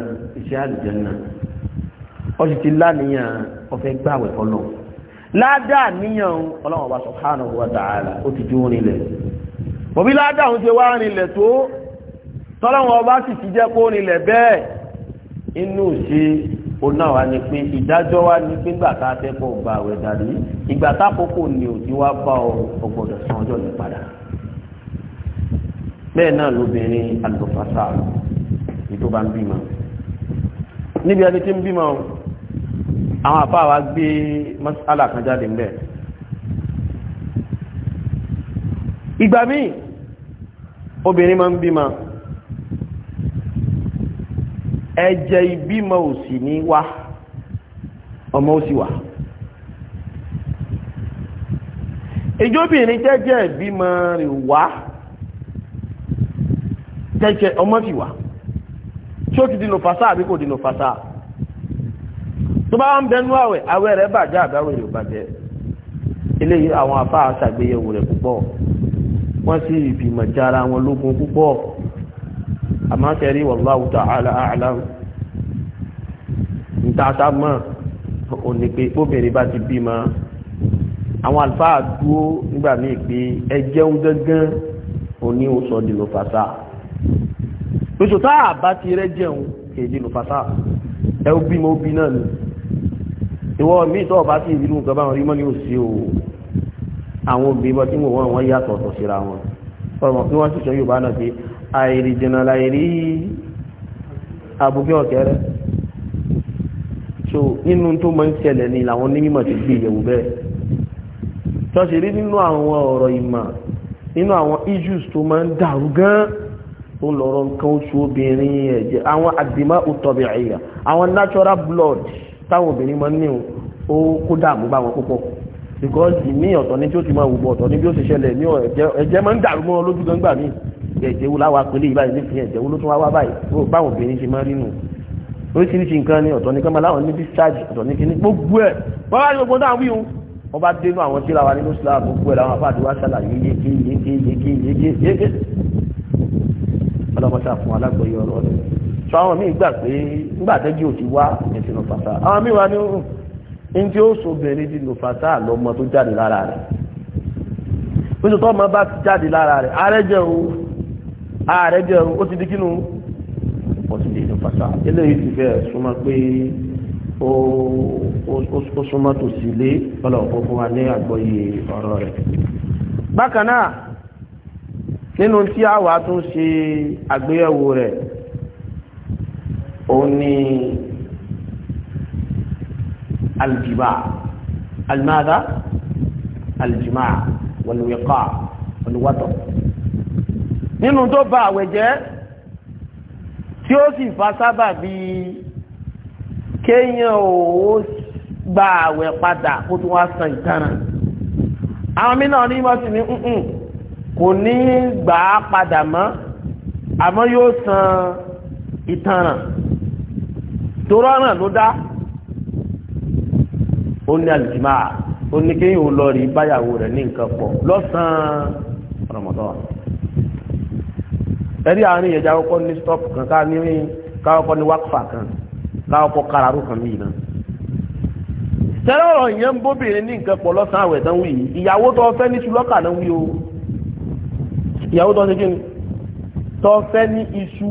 iṣẹ́ àlùjẹ́ náà ó sì ti láníyàn ọ̀fẹ́ gbàwẹ̀ fọlọ́ ládàá níyàn ọlọ́run ọba subhanahu wa ta'ala ó ti dúró nílẹ̀ òbí ládàá òun ti wá nílẹ̀ tó tọ́lọ́run ọba sì ti jẹ́ kó nílẹ̀ bẹ́ẹ̀ inú ṣe oná wa ni pé ìdájọ́ wa ni pé ìgbà tá a fẹ́ kọ́ gba àwẹ̀ dàrí ìgbà tá ni ò ti wá bá ọ ọgbọ́dọ̀ san ọjọ́ yẹn padà bẹ́ẹ̀ náà lóbìnrin àlùfáà níbi ẹni tí ń bímọ àwọn àfáà wa gbé masala kan jáde ń bẹ̀ ìgbà míì obìnrin máa ń bímọ ẹ̀jẹ̀ ìbímọ ò sì ní wá ọmọ ó sì wà ìjọbìnrin jẹ́jẹ́ ìbímọ rẹ̀ wá jẹ́jẹ́ ọmọ sì wà tí ó ti dínú fàṣà àbí kò dínú fàṣà tó bá ń bẹnu àwẹ̀ àwẹ̀ rẹ̀ bàjẹ́ àbáwẹ̀ yóò bàjẹ́ eléyìí àwọn afá àṣàgbéyẹ̀wò rẹ̀ púpọ̀ wọ́n sì ìfìmọ̀ jára wọn lógun púpọ̀ àmọ́ tẹ̀rí wallahu ta'ala a'lam ntaata mọ́ òní pé obìnrin bá ti bímọ àwọn àlùfáà dúró nígbà míì pé ẹ jẹun gángan òní oṣù ọdìlò fàṣà oṣù tá a bá ti rẹ jẹun kéde lò ẹ ó bímọ ó náà ni ìwọ mi tó ọba sí ìbínú nǹkan báwọn rí mọ́ ní òsì o àwọn obìnrin tí wọ́n wọ́n wọ́n yàtọ̀ ọ̀tọ̀ síra wọn fọ́nmọ̀ kí wọ́n sì sọ Yorùbá náà pé àìrí jìnnà láìrí abúgbé ọ̀kẹ́rẹ́ so nínú tó máa ń ṣẹlẹ̀ ni làwọn onímọ̀ ti gbé ìyẹ̀wò bẹ́ẹ̀ tọ́sí rí nínú àwọn ọ̀rọ̀ ìmọ̀ nínú àwọn issues tó máa ń dàrú gan tó lọ́rọ̀ nǹkan oṣù obìnrin ẹ̀jẹ̀ àwọn àdìmọ́ òtọ̀bẹ̀ àwọn natural blood táwọn obìnrin máa ń ní ó kó dààmú bá wọn púpọ̀ because ní ọ̀tọ̀ ní tí ó ti máa wùbọ̀ ọ̀tọ̀ ní bí ó ṣe ṣẹlẹ̀ ní ẹ̀jẹ̀ máa ń dàrú mọ́ lójú gbangba mi ẹ̀jẹ̀ wo láwa pélé ìbáyìí nífìyàn ẹ̀jẹ̀ wo ló tún wá wá báyìí báwọn obìnrin ṣe máa ń oríṣiríṣi nǹkan ni ọ̀tọ̀ ní kọ́mọ láwọn ní discharge ọ̀tọ̀ ní kíní gbogbo ẹ̀ wọ́n wá ní gbogbo náà wí o wọ́n bá dénú àwọn tí ra wa nínú sílá gbogbo ẹ̀ làwọn afáàdé wá ṣàlàyé yéké yéké yéké yéké yéké ọlọ́mọṣà fún alágbọ̀yé ọ̀rọ̀ sọ àwọn míì gbà pé nígbà tẹ́jú ò ti wá ẹ̀sìn fàtà àwọn míwá ní òun ní tí ó sobìnrin di lò fàtà lọ́mọ tó jáde lára rẹ̀ oṣù tó ọmọ bá ti jáde lára rẹ̀ ààrẹ o ààrẹ jẹun ó ti di kínú ó ti di lò fàtà eléyìí ti fẹ́ súnmọ́ pé ó súnmọ́ tó sì lé ọlọ́pọ̀ fún wa ní àgbọ́yé ọ̀rọ̀ rẹ̀ bákan náà nínú tí a wà tún ṣe àgbéyẹ̀wò rẹ̀ òun ni الجماع الماذا الجماع والوقاع والوتر nínú tó bá àwẹ̀ jẹ́ tí ó sì fa sábà bí kéèyàn ò gba àwẹ̀ padà kó tó wá san ìtara àwọn mìíràn ní wọ́n sì ní nǹkan kò ní gbà á padà mọ́ àmọ́ yóò san ìtara tó rọrùn ló dá ó ní àlùjímà ó ní kéèyàn ò lọ rí báyàwó rẹ̀ ní nǹkan pọ̀ lọ́sàn-án ni ẹ̀rí àárín ìyẹ̀jà kọ́kọ́ ní stop kan ká ní ní kan káwọ́kọ́ kárarú kan mí iná tẹ́lẹ̀ ọ̀rọ̀ ìyẹn ń bóbìnrin ní nǹkan o ìyàwó tó ṣe kí ni tó fẹ́ ní iṣu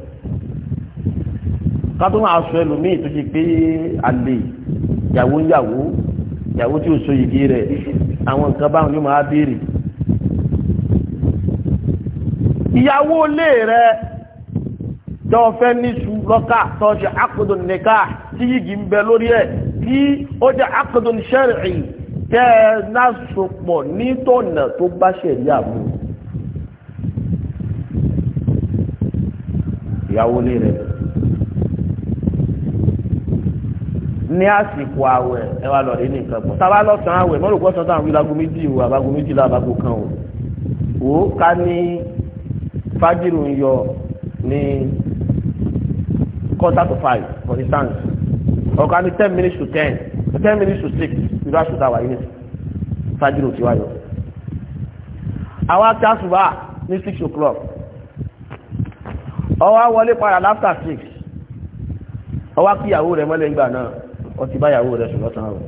kátó máa sọ ẹlòmíì tó ṣe pé àlè yàwó yàwó yàwó tí ò so yìí rẹ̀ àwọn nǹkan báwọn yóò máa béèrè ìyàwó ilé rẹ̀ tọ́ fẹ́ su lọ́kà tọ́ ṣe àkódò nìka tí yìí ń bẹ lórí ẹ̀ kí ó jẹ́ àkódò ṣẹ́rì tẹ́ ẹ náà sopọ̀ nítọ̀nà tó bá ṣẹ̀rí àmú ìyàwó ilé rẹ̀ ní àsìkò àwẹ̀ ẹ wá lọ rí nìkan pọ̀ sábà lọ́sàn-án àwẹ̀ mọ́rò pọ̀ sọ́tàn àwọn ìlago méjì o àbágo méjì lábàgò kan o wò ó ká ní fájìrì ń yọ ní quarter to five for instance ọ̀ká ní ten minutes to ten ten minutes to six ìlú àṣùtà wà yìí fájìrì ò ti wáyọ. àwa kí a ṣùgbọ́n ní six o'clock ọwọ́ wọlé padà láfta six ọwọ́ kíyàwó rẹ̀ mọ́lẹ̀ ńgbà náà ó ti báyàwó rẹ̀ ṣùgbọ́n tán rọ̀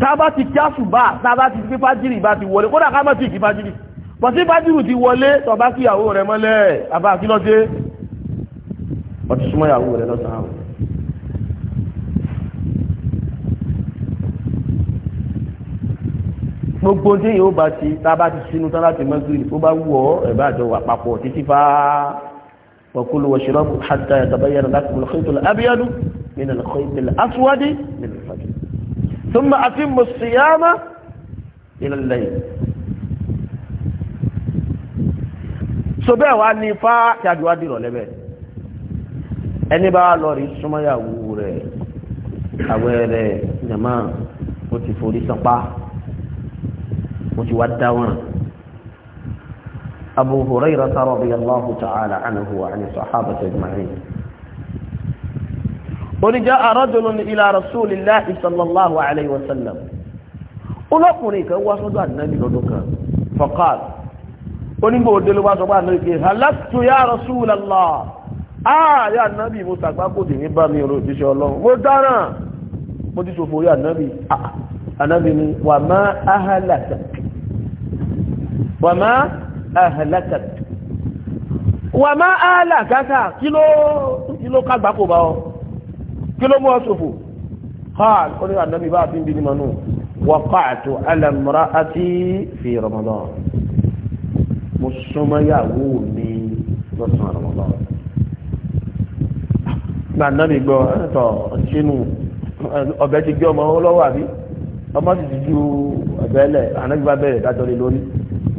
tábá ti kí àṣùbá tábá ti fi fájírì bá ti wọlé kódà ká má ti kí fájírì pọ̀ sí fájírì ti wọlé tọba kí ìyàwó rẹ̀ mọ́lẹ̀ àbá kí lọ́dé ó ti súnmọ́ ìyàwó rẹ̀ lọ́sàn-án rọ̀ gbogbo tí yóò bá ti tábá ti sínú tán láti mọ́gírì tó bá wù ọ́ ẹ̀bá àjọ wà papọ̀ títí fáá وكلوا واشربوا حتى يتبين لكم الخيط الأبيض من الخيط الأسود من الفجر ثم أتموا الصيام إلى الليل sọbẹ́ wa ní fá ṣàjúwá dìrọ̀ lẹ́bẹ̀ ẹni bá lọ rí súnmọ́yàwó rẹ̀ àwẹ̀ rẹ̀ jẹ̀mọ́ ó ti forí sanpá ó ti wá dáwọn أبو هريرة رضي الله تعالى عنه وعن الصحابة أجمعين ورجاء رجل إلى رسول الله صلى الله عليه وسلم ولقنيك وصدى النبي لدك فقال ونبو الدلوة صباح النبي هلكت يا رسول الله آه يا النبي مستقبقوا دي نبامي ورد إن شاء الله مدانا مدسوا يا النبي آه النبي وما أهلتك وما ahlakak wà má ahlakaka kí ló kí ló kágbá kò bá ọ kí ló mú ọ ṣòfò hàn ó ní ànábì bá fi ń bí ní mọ́nú wà pààtó alàmúra àti fi Ramadan mo súnmọ́yàwó mi lọ́sàn-án Ramadan gba ànábì gbọ́ ẹ̀tọ́ ṣínú ọbẹ̀ ti gbé ọmọ lọ́wọ́ àbí ọmọ sì ti ju ọbẹ̀ lẹ̀ ànábì bá bẹ̀rẹ̀ dájọ́ lórí.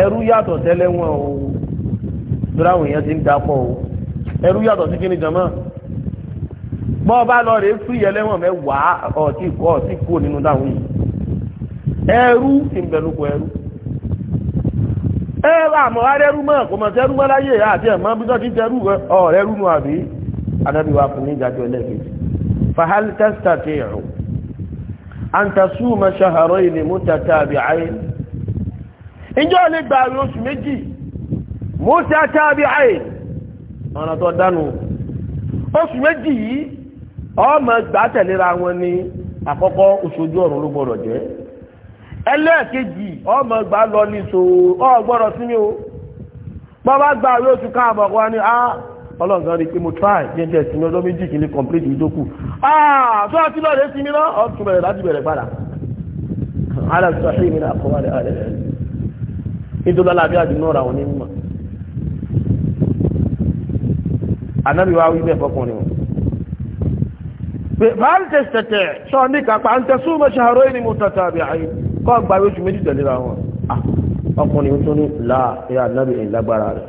ẹrú yàtọ̀ tẹ́lẹ̀ wọn o lórí àwọn èèyàn ti ń dapọ̀ o ẹrú yàtọ̀ sí kí ni jọmọ́ bọ́ ọ bá lọ rèé fún ìyẹlẹ́wọ̀n mẹ́wàá ọ̀tí kọ́ ọ̀tí kú nínú dáhùn yìí ẹrú ti ń bẹ̀rù kọ ẹrú ẹrú àmọ́ arẹ́rú mọ́ kò mọ̀ tẹ́rú mọ́ láyé àti ẹ̀mọ́ bí wọ́n ti ọrịa ọ̀rẹ́rú nù àbí adábíwá fún ní ìdájọ́ ẹlẹ́gbẹ̀ẹ́ fahal tastati'u an tasuma shahrayni mutatabi'ayn ìjọ́ lè gbà rí oṣù méjì mọ́sá tábí àì ọ̀nà tó dánú oṣù méjì yìí ọmọ gbà tẹ̀lera wọn ni àkọ́kọ́ oṣoojú ọ̀run ló gbọ́dọ̀ jẹ́ ẹlẹ́ẹ̀kejì ọmọ gbà lọ ní so ọ gbọ́dọ̀ sí mi o bàbá gbà rí oṣù káàbọ̀ wá ní a ọlọ́nà rí pé mo try jẹ́jẹ́ ìsinmi ọdún méjì kì ní complete ìjókù ah tó àti lọ́ọ̀dẹ́ sí mi náà ọ̀tún bẹ̀rẹ̀ láti bẹ̀rẹ̀ padà alẹ́ sọ́ọ́ sí mi náà kọ́ wá alẹ́ rẹ̀ nítorí aláàbí àdúgbò ra òní mímọ̀ anábì wa wí bẹ́ẹ̀ fọkùnrin wọn pé máa ń tẹ̀sẹ̀tẹ̀ sọ ní kápá ń tẹ̀sùn mọ́ ṣàró ìní mú tàtà àbí àyè kọ́ gba oṣù méjì tẹ̀lé ra wọn ọkùnrin tó ní láà ẹ̀ anábì ìlágbára rẹ̀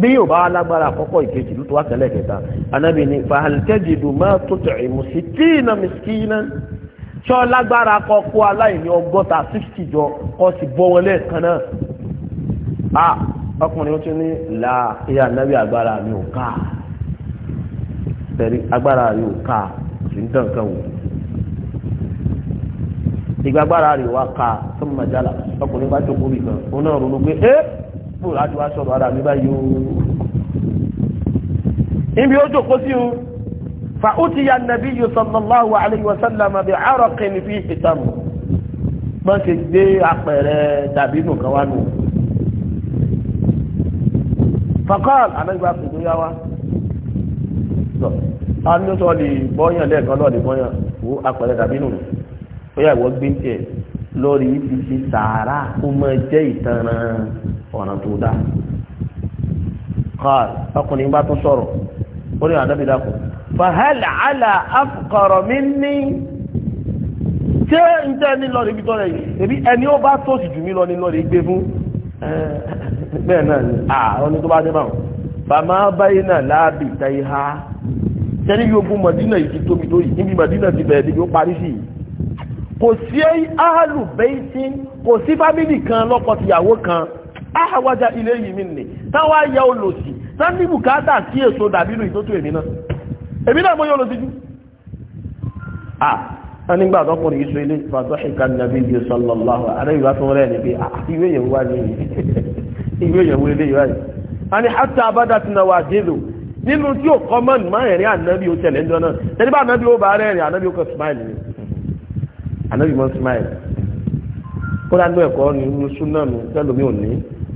bí yóò bá lágbára àkọ́kọ́ ìkejì ló wá tẹ̀lé kẹta anábì ní fàhàlìtẹ́jì dùn máa tó tẹ̀ sọ lágbára kọ kó aláìní ọgọ́ta sixty jọ kọ́ sì bọ́ wọn náà a ọkùnrin tún ní là ìyá nàbí agbára mi ò ká tẹ̀lé agbára mi ò ká sì ń dàn kan wò ìgbàgbára wá ká kan náà ronú pé ee, láti wá sọ̀rọ̀ ara mi níbi ó o. فأتي النبي صلى الله عليه وسلم بعرق فيه تمر ما تجدي عقر تابينه كوانو فقال أنا يبقى في الدنيا a ní sọ lè bọ́yàn lẹ́ẹ̀kan lọ́ọ̀lẹ̀ bọ́yàn wo apẹ̀rẹ̀ tàbí nù ó yà wọ́n gbé tiẹ̀ lórí ti ṣe sàárà ó máa jẹ́ ìtanràn ọ̀nà tó dáa. ọkùnrin bá tún sọ̀rọ̀ ó ní àdábìdàkùn فهل على afqara مني؟ ṣé ń tẹ́ ní lọ́rẹ̀ ibi tọ́rẹ̀ yìí ẹbí ẹni ó bá tòṣì jù mí lọ ní lọ́rẹ̀ gbé fún bẹ́ẹ̀ náà ni àwọn ní tó bá dé báwọn bàmá báyìí náà láàbì táyé ha tẹ́lẹ̀ yóò gún mọ̀dínà yìí ti tóbi tó yìí níbi mọ̀dínà ti bẹ̀rẹ̀ níbi ó parí sí yìí kò sí áhàlù bẹ́ẹ̀sì kò sí fámìlì kan lọ́kọ tìyàwó kan áhàwájà ilé yìí mi nì táwa yẹ olòṣì tá ní bùkátà sí èso dàbínú ìtótó èmi náà èmi náà mọ́ yóò lọ síjú a nígbà tọkùnrin yìí sọ ilé fàtọ́ṣìkà nàbí yìí sallallahu alaihi wa tó rẹ̀ ní pé ìwé yẹ̀wò wà ní ìwé yẹ̀wò ilé yìí wáyé a ní hátà abádá ti na wà délò nínú tí ó kọ́ mọ́ nìmọ́ ẹ̀rí ànábì ó tẹ̀lé ńjọ náà tẹ́lí bá ànábì ó bá rẹ̀ rìn ànábì ó kọ́ smile ni ànábì mọ́ smile ó dá lóò ẹ̀kọ́ ní inú súnà nù tẹ́lómi ò ní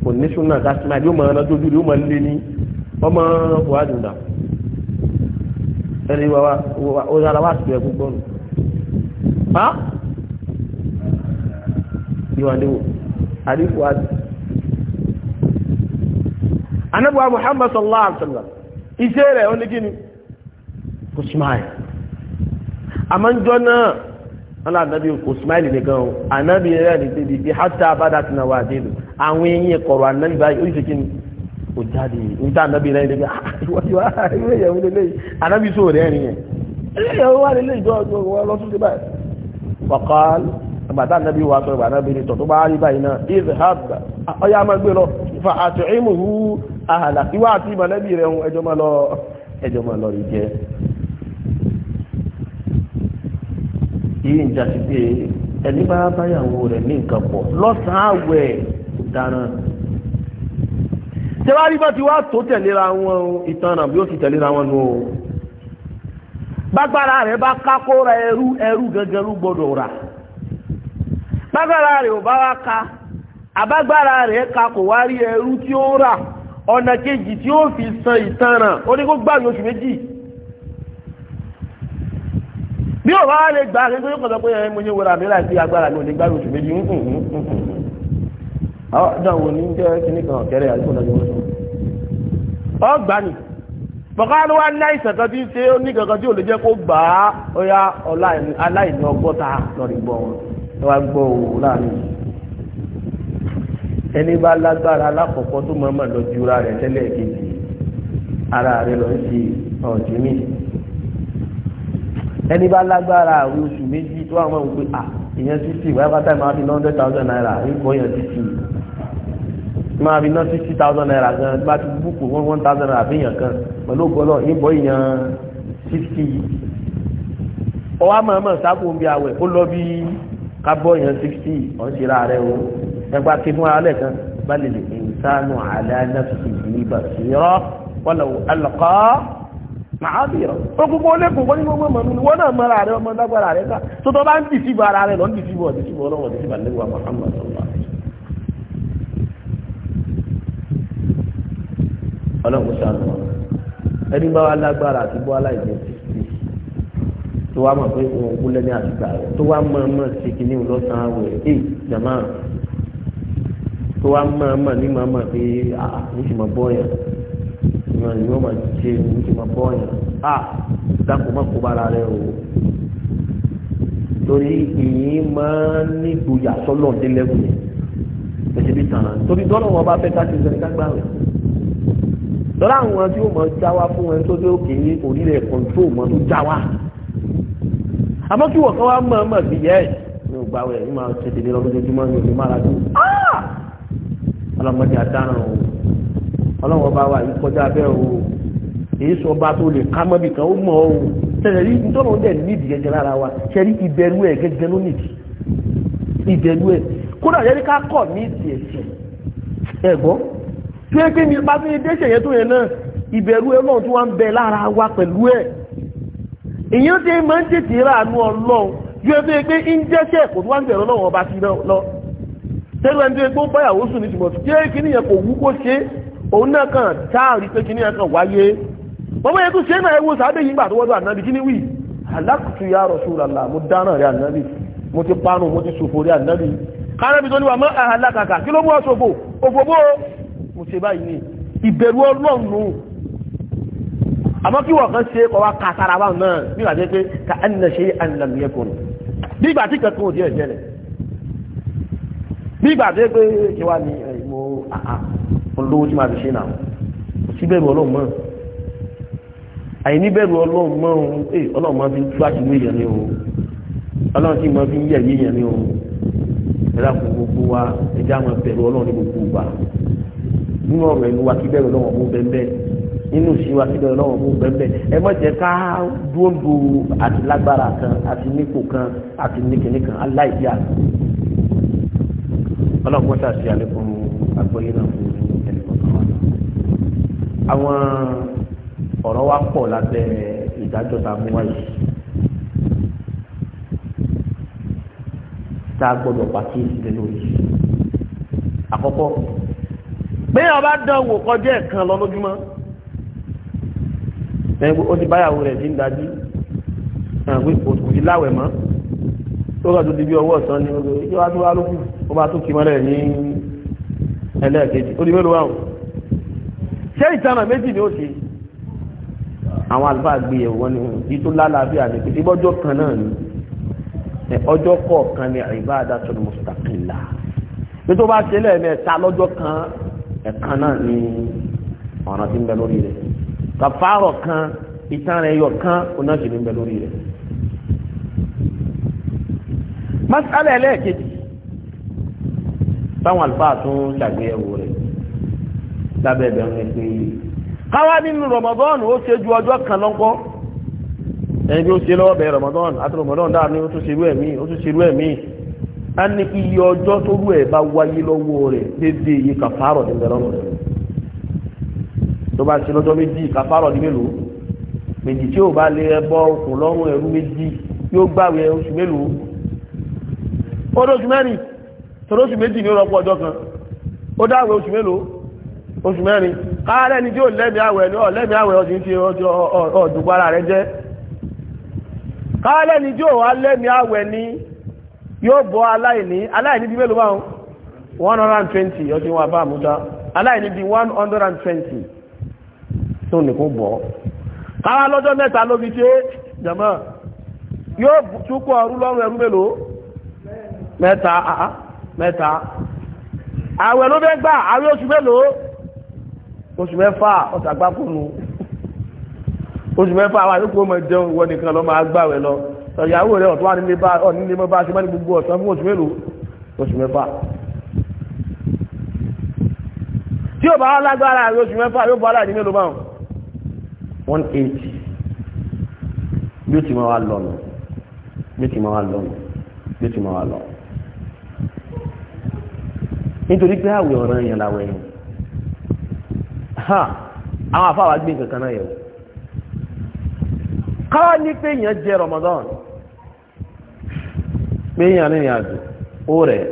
ò ní súnà ká smile yóò mọ ọ ẹni wa ó dára wá sí ẹkú gbọ́nù ha ìwàndíwò àdífò àti anábùwà Muhammad sallallahu alaihi wasallam iṣẹ́ rẹ̀ ó ní gíní kò smile àmọ́njọ́ náà wọ́n ànábì kò smile nìkan o ànábì rẹ̀ ní tẹ́bi bí hátà bá dá sí náà wà délù àwọn eyín kọ̀rọ̀ ànábì báyìí ó yìí ó jáde níta ànábì rẹ̀ ah, ilé ìyàwó ànábì sóò rẹ̀ rìn yẹn ilé ìyàwó wà lélẹ̀ ìjọ ọjọ́ wọn fa ẹjọ́ lọ yìí ń pé ẹni bá báyàwó rẹ̀ ní ṣẹ́wárí bá ti wá tó tẹ̀léra wọn o ìtànà bí ó ti tẹ̀léra wọn nù o bágbára rẹ̀ bá kákóra ẹrú ẹrú gẹ́gẹ́ ló gbọ́dọ̀ rà bágbára rẹ̀ ò bá wá ka àbágbára rẹ̀ ka kò wá rí ẹrú tí ó rà ọ̀nà kejì tí ó fi san ìtànà ó ní kó gbàgbé oṣù méjì bí ò bá wá lè gbà kí n tó yóò sọ pé ẹ̀ mo ṣe wọra mi láti agbára mi ò ní gbàgbé oṣù méjì ń kùn ún kùn ún dáwọn ní jẹ́ kìíní kan ọ̀kẹ́rẹ́ àti ọ̀dájú wọn sọ. ọ gbà ní bọ̀kánú wa ní àìsàn kan tí ń ṣe ó ní kankan tí ò lè jẹ́ kó gbà á ó yá aláìní ọgọ́ta lọ́rí gbọ́ wọn ẹ wá gbọ́ òwò láàrin. ẹni bá lágbára alákọ̀ọ́kọ́ tó máa lọ ju ara rẹ̀ tẹ́lẹ̀ kejì ara rẹ̀ lọ sí ọ̀jì mi. ẹni bá lágbára àwọn oṣù méjì tó àwọn ọmọ òun pé à ìyẹn títì wáyé pátá ìmọ̀ àti naira ń kọ́ yẹn títì máa fi ná sixty thousand naira gan bá ti búkù one one thousand naira àbíyàn kan pẹ̀lú ògbọ́lọ̀ ìbọ̀ ìyàn sixty ọwọ́ àmọ́ sáàkó ń bí awẹ̀ ó lọ bí kábọ̀ ìyàn sixty ọ̀n ṣe ra rẹ o ẹgbà kí fún alẹ́ kan bá lè lè ní sánú àlẹ́ anáfíì ní bàṣírọ́ wọ́n lọ alọ́kọ́ màá bì rọ ogungun olókùn wọn ni wọn mọ mọmọ wọn náà mọra rẹ ọmọ dágbára rẹ ká tó tó bá ń dìsíbọ ara rẹ lọ ń dìsíbọ dìsíbọ ọlọ́run dìsíbọ alẹ wa Muhammad ọlọ́run ṣàánú wọn ẹni bá wa lágbára àti bọ́ aláìjẹ sixty tó wá mọ̀ pé òun kú lẹ́ni àtìgbà rẹ̀ tó wá mọ̀ mọ̀ sí kìíní lọ́sàn-án àwẹ̀ eight jama tó wá mọ̀ mọ̀ ní mọ̀ mọ̀ pé ah ní ah, mọ̀ bọ́ọ̀yàn ìmọ̀ ni wọ́n máa ṣe ní mọ̀ bọ́ọ̀yàn ah dákun mọ̀ kó bára rẹ̀ o torí ìyìn máa ń ní gboyà sọ́lọ̀ délẹ́gùn yẹn pèsè bí tàn án torí dọ́nà wọn bá fẹ́ ká ti sẹ́ni ká gbà rẹ̀ lọ́la àwọn tí ó mọ̀ jáwá fún ẹni tó dé òkè ní orílẹ̀ kọ̀ǹtó mọ́ tó jáwá àmọ́ kí wọ́n kan wá mọ̀ mọ̀ sí yẹ́ ní ògbà wẹ̀ ní máa ṣe tèmi lọ́dọọdún ní òní máa rájú ọlọ́mọdé àdáràn o ọlọ́wọ́ bá wà yìí kọjá bẹ́ẹ̀ o èyí sọ bá tó lè ká mọ́bì kan ó mọ̀ o tẹ̀lé rí nítorí wọn nídìí gẹ́gẹ́ lára wa ṣe ìbẹ̀rù ẹ̀ gẹ́gẹ́ ló nìdí ìbẹ̀rù ẹ̀ kódà yẹ́rí ká kọ̀ ní ìdí ẹ̀sìn ẹ̀gbọ́n tí ó pé mi bá fi dé tó yẹn náà ìbẹ̀rù ẹ̀ náà tó wá ń bẹ lára wa pẹ̀lú ẹ̀ èyàn ti máa ń tètè ráàánú ọlọ́run bí ó ń kò tó wá ń bẹ̀rù ọlọ́run ọba sí lọ tẹ́lú ẹni tó yẹ báyàwó sùn ní tìmọ̀ tí ó kò wú kó ṣe òun náà kàn pé ewu yìí gbà tó wọ́dọ̀ ànábì kí ni wí alákùtù mo dáná rẹ̀ ànábì mo ti panu mo ti rẹ̀ ànábì kánábì tó ní wà mo ṣe báyìí ni ìbẹ̀rù ọlọ́run nù àmọ́ kí wọ́n kan ṣe ọwá kàtàrà wà náà bí wà jẹ́ pé ka ẹnìyàn ṣe ẹnìyàn yẹ kò nù bí ìgbà tí kankan ò díẹ̀ jẹ́lẹ̀ bí ìgbà tí pé kí wá ní ìmọ̀ olówó tí máa fi ṣe náà sí bẹ̀rù ọlọ́run mọ́ àìní bẹ̀rù ọlọ́run mọ́ ohun pé ọlọ́run máa fi tú o ọlọ́run sì máa fi yẹ̀yẹ́ yẹn ni o ẹ̀dá kò gbogbo wa ẹ̀dá máa bẹ̀rù ọlọ́run ní gbogbo wa nínú ọ̀rọ̀ ìlú wa kí bẹ̀rù lọ́wọ́ mú bẹ́ẹ̀ nínú ìṣe wa kí bẹ̀rù lọ́wọ́ mú bẹ́ẹ̀ ẹ má jẹ́ ká dúndú àti lágbára kan àti nípò kan àti nìkìní kan aláìyá ọlọ́pàá ṣàṣì àlékún àgbọ́yé náà fún ẹnì kọ̀ọ̀kan wa. àwọn ọ̀rọ̀ wa pọ̀ lábẹ́ ìdájọ́ tá a mú wáyé tá a gbọ́dọ̀ pàkíyèsí lórí àkọ́kọ́ bẹ́ẹ̀ ọba dánwò kọjá ẹ̀kan lọ lójúmọ́ ẹgbẹ́ ó ti báyàwó rẹ̀ sí ń dájú àwọn òkú ti láwẹ̀ mọ́ tó rọ̀ tó di bí ọwọ́ ọ̀sán ni ọdún ìjọ wá tó wá lókù ó bá tó kí mọ́lẹ̀ ní ẹlẹ́ẹ̀kejì ó di mélòó wà ó ṣé ìtànà méjì ni ó ṣe àwọn àlùfáà gbé yẹ̀wò wọn ni ìdí tó lálàáfíà ní pé ìbọ́jọ́ kan náà ni ọjọ́ kọ̀ọ̀kan ni àìbá àdá tó ní mustaqilla pé tó bá ṣe ẹ̀kan náà ni ọ̀ràn ti ń bẹ lórí rẹ̀ kàfàrọ̀ kan ìtàn rẹ̀ yọ kan oná sì ń bẹ lórí rẹ̀. masala ẹlẹ́ẹ̀kejì táwọn àlùfáà tún ṣàgbéyẹ̀wò rẹ̀ lábẹ́ ẹ̀bẹ̀ wọn pé káwá nínú ó ṣe ju ọjọ́ kan ẹni ó ṣe lọ́wọ́ bẹ̀rẹ̀ àti ni ó tún ṣerú ẹ̀mí ó tún ṣerú ẹ̀mí a ní iye ọjọ́ tó rú ẹ̀ bá wáyé lọ́wọ́ rẹ̀ dédé iye kàfàrọ̀ ní bẹ̀rẹ̀ lọ́rọ̀ rẹ̀ tó bá ṣe lọ́jọ́ méjì kàfàrọ̀ ní mélòó méjì tí ò bá lè bọ́ okùn lọ́rùn ẹ̀rú méjì yóò gbàwé oṣù mélòó ó dé oṣù mẹ́rin torí oṣù méjì ní ọ̀pọ̀ ọjọ́ kan ó dáwé oṣù mélòó oṣù mẹ́rin káàrẹ́ ni tí ò lẹ́mìí àwẹ̀ ní ọ̀lẹ́mìí àwẹ̀ ọ̀sìn ti ọ̀dùnkú ara rẹ̀ jẹ́ káàrẹ́ ni tí ò wá lẹ́mìí àwẹ̀ ní yóò bọ́ aláìní aláìní bí mélòó báwọn 120 ọdún wọn bá àmúdá aláìní bí 120 tó nìkún bọ́ káwá lọ́jọ́ mẹ́ta ló fi ṣe jàmọ́ yóò túkọ̀ ọrú lọ́rùn ẹrú mélòó mẹ́ta mẹ́ta àwẹ̀ ló fẹ́ gbà àwẹ̀ oṣù mélòó oṣù mẹ́fà ọ̀sàgbákùnù oṣù mẹ́fà àwọn àdúgbò mọ̀ jẹun ìwọ nìkan lọ máa gbàwẹ̀ lọ ìyàwó rẹ̀ ọ̀tọ́ nílé mọ́ bá ṣe mọ́ ní gbogbo ọ̀sán fún oṣù mélòó oṣù mẹ́fà tí ó bá lágbára rẹ̀ oṣù mẹ́fà yóò bá láàrin mélòó báwọn 180 bí ó ti máa wá lọ́nà bí ó ti máa wá lọ́nà bí ó ti máa wá lọ́nà nítorí pé àwẹ̀ ọ̀ràn èèyàn làwẹ̀ èèyàn àwọn afáwà gbé nǹkan kan ní pé èèyàn jẹ Ramadan pé èèyàn rìnrìn àjò ó rẹ̀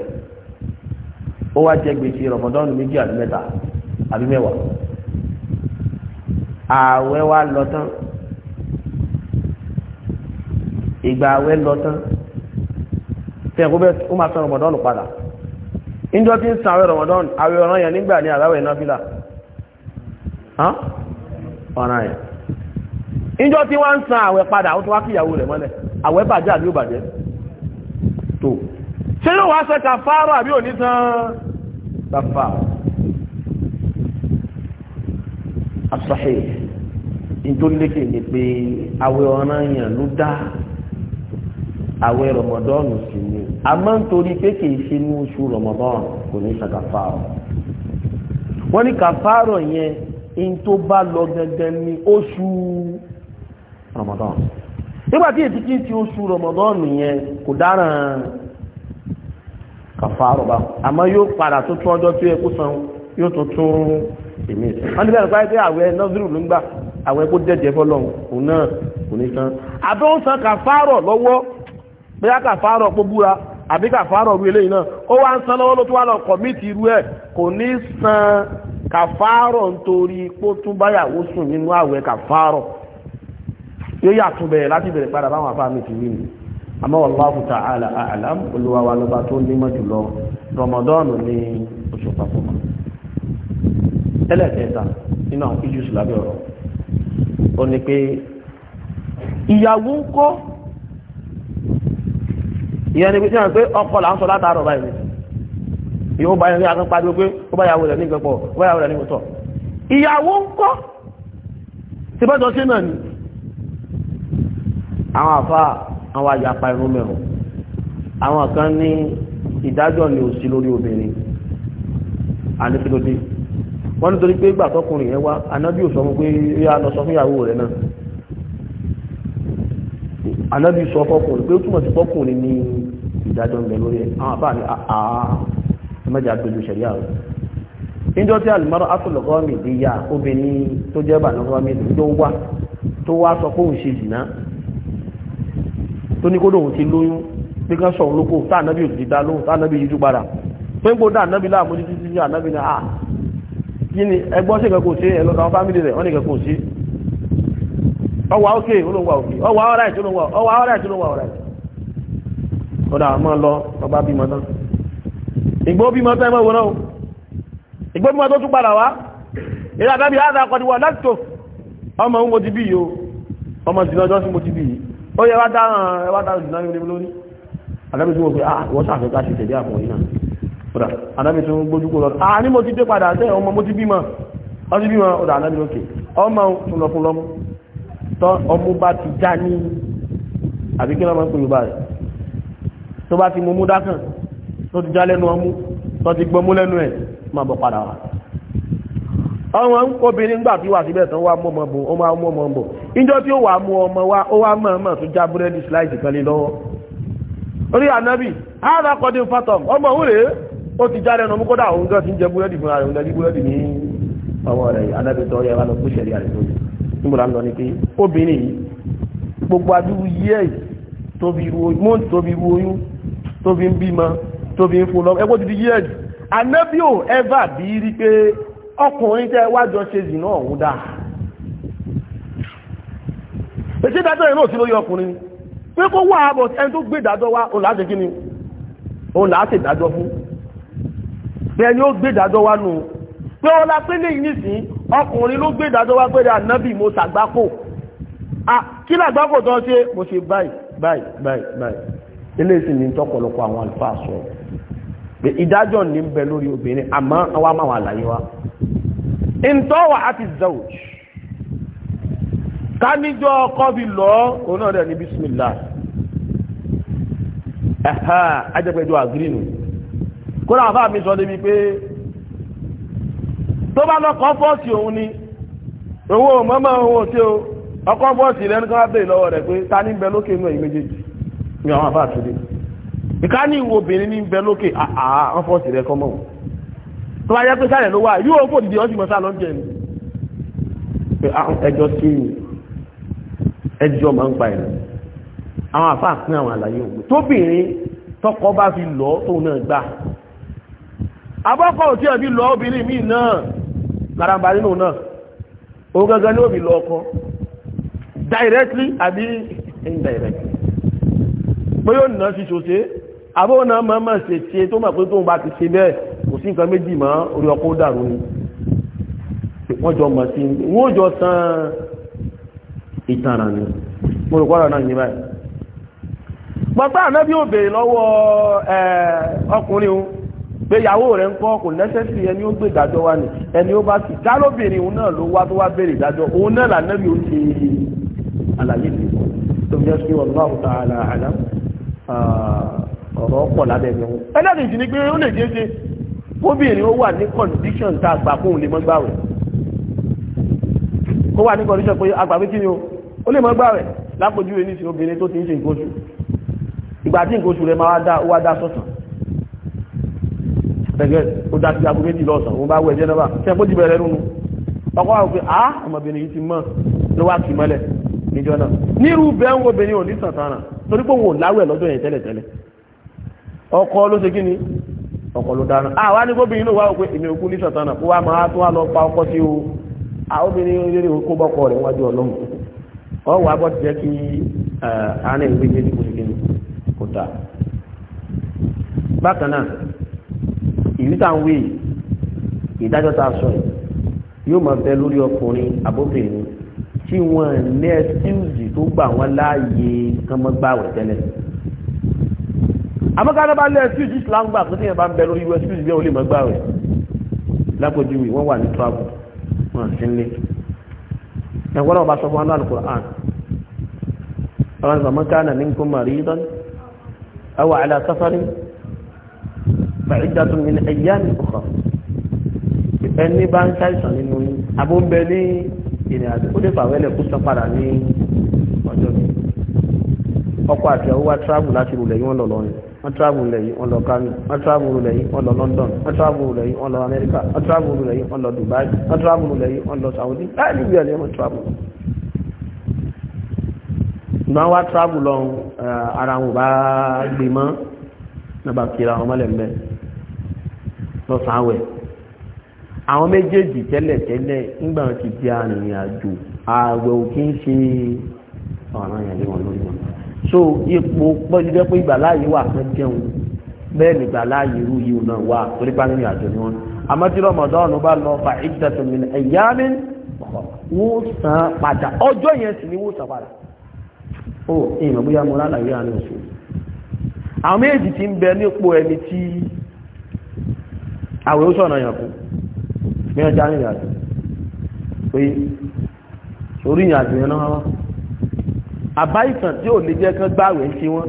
ó wá jẹ́ gbèsè rọmọdọ́nù méjì àbí mẹ́ta àbí mẹ́wàá ààwẹ̀ wa lọ tán ìgbà ààwẹ̀ lọ tán kó bẹ́ẹ̀ ó máa san padà níjọ́ tí ń san ààwẹ̀ rọmọdọ́nù ààwẹ̀ ọ̀ràn yẹn nígbà ní àláwẹ̀ náfìlà ọ̀ràn yẹn níjọ́ tí wọ́n ń san ààwẹ̀ padà ó tún wá kíyàwó rẹ̀ tó ṣé yóò wá ṣe kàfàrà àbí òní san kàfàrà àṣàhì ìdólékè ni pé àwẹ̀ ọ̀ràn yẹn ló dá àwẹ̀ rọmọdọ́ọ̀nù sí ni àmọ́ nítorí pé kìí ṣe ní oṣù rọmọdọ́ọ̀nù kò ní ṣe kàfàrà wọ́n ní kàfàrà yẹn in tó bá lọ gangan ní oṣù rọmọdọ́ọ̀nù nígbàtí ètí tí ti oṣù rọmọdọ́ọ̀nù yẹn kò dáràn kàfàrọ̀ bá àmọ́ yóò padà tó tún ọjọ́ tó yẹ kó san yóò tó tún èmi ìsìn wọn níbẹ̀ nípa pé àwẹ̀ nọ́sírù ló ń gbà àwẹ̀ kó dẹ̀jẹ̀ fọlọ́hún òun náà kò ní san àbí ó san kàfàrọ̀ lọ́wọ́ bóyá kàfàrọ̀ pọ̀ búra àbí kàfàrọ̀ ru eléyìí náà ó wá ń san lọ́wọ́ ló tún wá lọ kọ̀míìtì irú ẹ̀ kò ní san kàfàrọ̀ nítorí pó sùn nínú àwẹ̀ kàfàrọ̀ yóò yàtún bẹ̀rẹ̀ láti bẹ̀rẹ̀ padà báwọn afá mi ti rí ni àmọ́ wallahu ta'ala a'lam olúwa wa lọ́ba tó nímọ̀ jùlọ Ramadan ní oṣù papọ̀ mọ́ ẹlẹ́kẹta nínú àwọn fíjì sùlábẹ̀ ọ̀rọ̀ ó ní pé ìyàwó ní akán pàdé pé bá yàwó sí náà ni àwọn àfa àwọn àyàpá irun mẹ́rùn àwọn kan ní ìdájọ́ ni òsì lórí obìnrin àníkílódé wọ́n nítorí pé gbà tọkùnrin yẹn wá anábì ò sọ fún pé rí a lọ sọ fún ìyàwó rẹ̀ náà anábì sọ fọkùnrin pé ó túmọ̀ sí fọkùnrin ní ìdájọ́ ń bẹ lórí àwọn àbá ni àá mẹ́jà gbèlú ṣẹ̀ríà rẹ̀ níjọ́ tí alùmọ́rọ́ afọlọ́gọ́mì ti ya obìnrin tó jẹ́ bàlọ́gọ́mì tó wá tó wá sọ pé òun ṣe jìnnà tó ní kódò òun ti lóyún pé kán sọ̀rọ̀ lóko tá ànábì ò ti dá lóhùn tá ànábì yíjú padà pé ń gbódà ànábì láàmú títí títí ànábì ní à ah, kí ni ẹgbọ́n sí ìkẹ́kọ̀ọ́ sí ẹ̀lọ́ àwọn fámìlì rẹ̀ wọ́n ní ìkẹ́kọ̀ọ́ sí ọwọ́ òkè olóńgbà òkè ọwọ́ ọ̀rá ìtì olóńgbà ọwọ́ ọ̀rá ọba bímọ ìgbó bímọ o ìgbó bímọ tó tún padà wá ìlànà bí i láti tó ọmọ òun mo ó yẹ wá dáhùn ẹwà dáhùn ìdìnà yóò lórí adábí tí wọ́n pé ah wọ́n sàfẹ́ ká ṣe tẹ̀lé àpò yìí náà ọ̀dà adábí tí wọ́n gbójú kó lọ ah ní mo ti dé padà sẹ́ ọmọ mo ti bímọ ọ ti bímọ ọ̀dà adábí lókè ọmọ fúnlọfúnlọmọ tọ́ ọmọ bá ti já ní àbí kí lọ́mọ ń pè yorùbá rẹ̀ tó bá ti mú mú dákàn tó ti já lẹ́nu ọmú tó ti gbọmú lẹ́nu ẹ̀ máa bọ̀ padà wá àwọn obìnrin gbà tí wà síbẹ̀ tán wá mọ́mọ́ ọmọ ó máa mọ́mọ́ bò ìjọ tí ó wà mú ọmọ wa ó mọ́ ọmọ tó já búrẹ́dì sláìsì kan lé lọ́wọ́ orí ànábì ara kọ́dí fatọ̀ ọmọ òun rèé ó ti ẹnu kódà ti ń jẹ búrẹ́dì fúnra rẹ̀ òun lẹ́dí búrẹ́dì ní ànábì tó yẹ lọ kó lórí ni pé obìnrin ọkùnrin tẹ́ wájọ ṣe zìnà ọ̀hún dáa èsì ìdájọ́ yìí náà sí lórí ọkùnrin pé kó wà ábọ̀ ẹni tó gbé ìdájọ́ wá òun láti kí ni òun láti ìdájọ́ fún bẹ́ẹ̀ ni ó gbé ìdájọ́ wá nù pé ó la pé léyìn nísìn ọkùnrin ló gbé ìdájọ́ wá pé ànábì mo ṣàgbákò kí làgbákò tó ń ṣe mo ṣe báyìí báyìí báyìí báyìí ilé ìsìn ní tọ́pọ̀lọpọ̀ àwọn àlùfáà sọ ìdájọ́ ní ń bẹ lórí obìnrin àmọ́ àwọn àmàwà àlàyé wa ìntọ́wà àti zawj káníjọ́ ọkọ bí lọ òun náà rẹ̀ ní bísímìlá ẹ̀hà ajẹ́pẹ̀jọ àgírínù kó náà bá mi sọ débi pé tó bá lọ́kọ́ fọ́ọ̀sì òun ni owó mọ́mọ́ owó tí ó ọkọ̀ fọ́ọ̀sì rẹ̀ nǹkan bèèrè lọ́wọ́ rẹ̀ pé ta ní bẹ lókè inú ẹ̀yìn méjèèjì ní àwọn àbá àtúndé ìkání ìwò obìnrin ní bẹ lókè àà wọ́n fọ́ọ̀sì rẹ̀ kọ́mọ́wọ́ tó bá yẹ pé sálẹ̀ ló wà yóò fò dìde ọ́sùn mọ́sá lọ́jọ́ ẹni pé ah, ẹjọ́ sí ìyìn ẹjọ́ máa ń pa ẹ̀rọ àwọn àfáà pín àwọn àlàyé òkú tóbìnrin tọkọ bá fi lọ tóun náà gbà abọ́kọ̀ òtí ẹ̀bí lọ obìnrin míì náà karamba nínú náà òun gangan ni ó lọ ọkọ directly àbí indirectly pé yóò nà fi ṣòṣe àbóhùn náà mọ̀ọ́mọ̀ ṣèṣe tó mọ̀ pé tóun bá ti ṣe bẹ́ẹ̀ kò sí nǹkan méjì mọ́ orí ọkọ̀ dàrú ni wọ́n jọ mọ̀ sí wọ́n jọ tán ìtànà ni mo rò kọ́ra náà ní báyìí pàtà ànábì ò béèrè lọ́wọ́ ọkùnrin o pé ìyàwó rẹ̀ ń kọ́ kò lẹ́sẹ̀sì ẹni ó gbé ìdájọ́ wa ni ẹni ó bá sì dálóbìnrin òun náà ló wá tó wá béèrè ìdájọ́ òun náà lànàbì ó ti àlàyé mi tó fi jẹ́ sí wallahu ta'ala àlá ọ̀rọ̀ pọ̀ lábẹ́ mi. ẹlẹ́rìí ti ni pé ó lè jẹ́ ṣe kóbìnrin ó wà ní condition tá a gbà fún òun lè mọ́ gbàwẹ̀ kó wà ní condition pé agbàgbé kí ni o ó lè mọ́ gbàwẹ̀ lápòjú ẹni tí obìnrin tó ti ń ṣe nǹkan oṣù ìgbà tí nǹkan oṣù rẹ̀ máa wá dá sọ́sàn ẹgbẹ́ ó dá sí aago méjì lọ́sàn òun bá wọ ẹ̀jẹ̀ náà bá ṣe ti bẹ̀rẹ̀ nínú ọkọ àwọn pé a ọmọbìnrin yìí ti mọ̀ ló wá kì í mọ́lẹ̀ níjọ náà nírú bẹ́ẹ̀ ń obìnrin ò ní sàtàrà torí pé òun ò láwẹ̀ lọ́jọ́ yẹn tẹ́lẹ̀tẹ́lẹ̀ ọkọ ló ṣe kí ni ọkọ ló dáná àwa ah, ní gómìnà wà ó pé èmi òkú ní sọ̀tánà kó wá máa tó wá lọ pa ọkọ sí o àwọn ah, obìnrin rere ìdájọ́ tá sọ yìí yóò bẹ lórí ọkùnrin àbóbìnrin tí wọ́n ní ẹ́síùsì tó gbà wọ́n láàyè kán mọ́ gbà wẹ̀ tẹ́lẹ̀ àmọ́kàdá bá lé excuse islam gbà tó tíyẹn bá ń bẹ lórí us excuse yẹn ò lè mọ́ gbà rẹ̀ lápòjúwe wọ́n wà ní travel wọ́n sí ní ẹ̀wọ́n náà bá sọ fún wọn lánàá Qur'an àwọn ìgbà mọ́kàdá ní nǹkan maridan aw ala safarin fa'iddatun min ayyamin ukhra ẹni bá ń ṣàìsàn nínú abóńbẹ ní ìrìn àjò ó lè fàwẹ́lẹ̀ kó sọ padà ní ọjọ́ mi ọkọ̀ àti ọwọ́ travel láti rúlẹ̀ yìí wọ́n lọ lọ́rin wọ́n travel lẹ̀ yìí wọ́n lọ Kano wọ́n travel lẹ̀ wọ́n lọ London wọ́n travel lẹ̀ yìí wọ́n lọ America wọ́n travel lẹ̀ yìí wọ́n lọ Dubai wọ́n travel lẹ̀ yìí wọ́n lọ Saudi láì níbi ẹ̀lẹ́ wọ́n travel. ìgbà wa travel lọ eh, ara wọn bá gbé mọ́ náà bá kiri àwọn ọmọlẹ̀ mbẹ́ lọ́sàn-án wẹ̀. àwọn méjèèjì tẹ́lẹ̀tẹ́lẹ̀ ńgbà wọn ti di arìnrìn àjò ààwẹ̀ òkè ń ṣe ọ̀ràn yẹn lé wọn lórí wọn. so ipò pọ́njúdẹ́ pé ìgbàláyé wà fún jẹun bẹ́ẹ̀ ni ìgbàláyé irú yìí náà wà torí bá nínú àjò ni wọn àmọ́ tí bá lọ fa mi ní ẹ̀yà mi san padà ọjọ́ yẹn sì ni wọ́n san padà ó ìyẹn bóyá mo lálàyé àná oṣù àwọn méjì ti ń bẹ nípò ẹni tí àwẹ̀ oṣù yàn fún mi ọjà pé orí yẹn náà wá àbá ìtàn tí ò lè jẹ́ kán gbàwẹ̀ ń ti wọ́n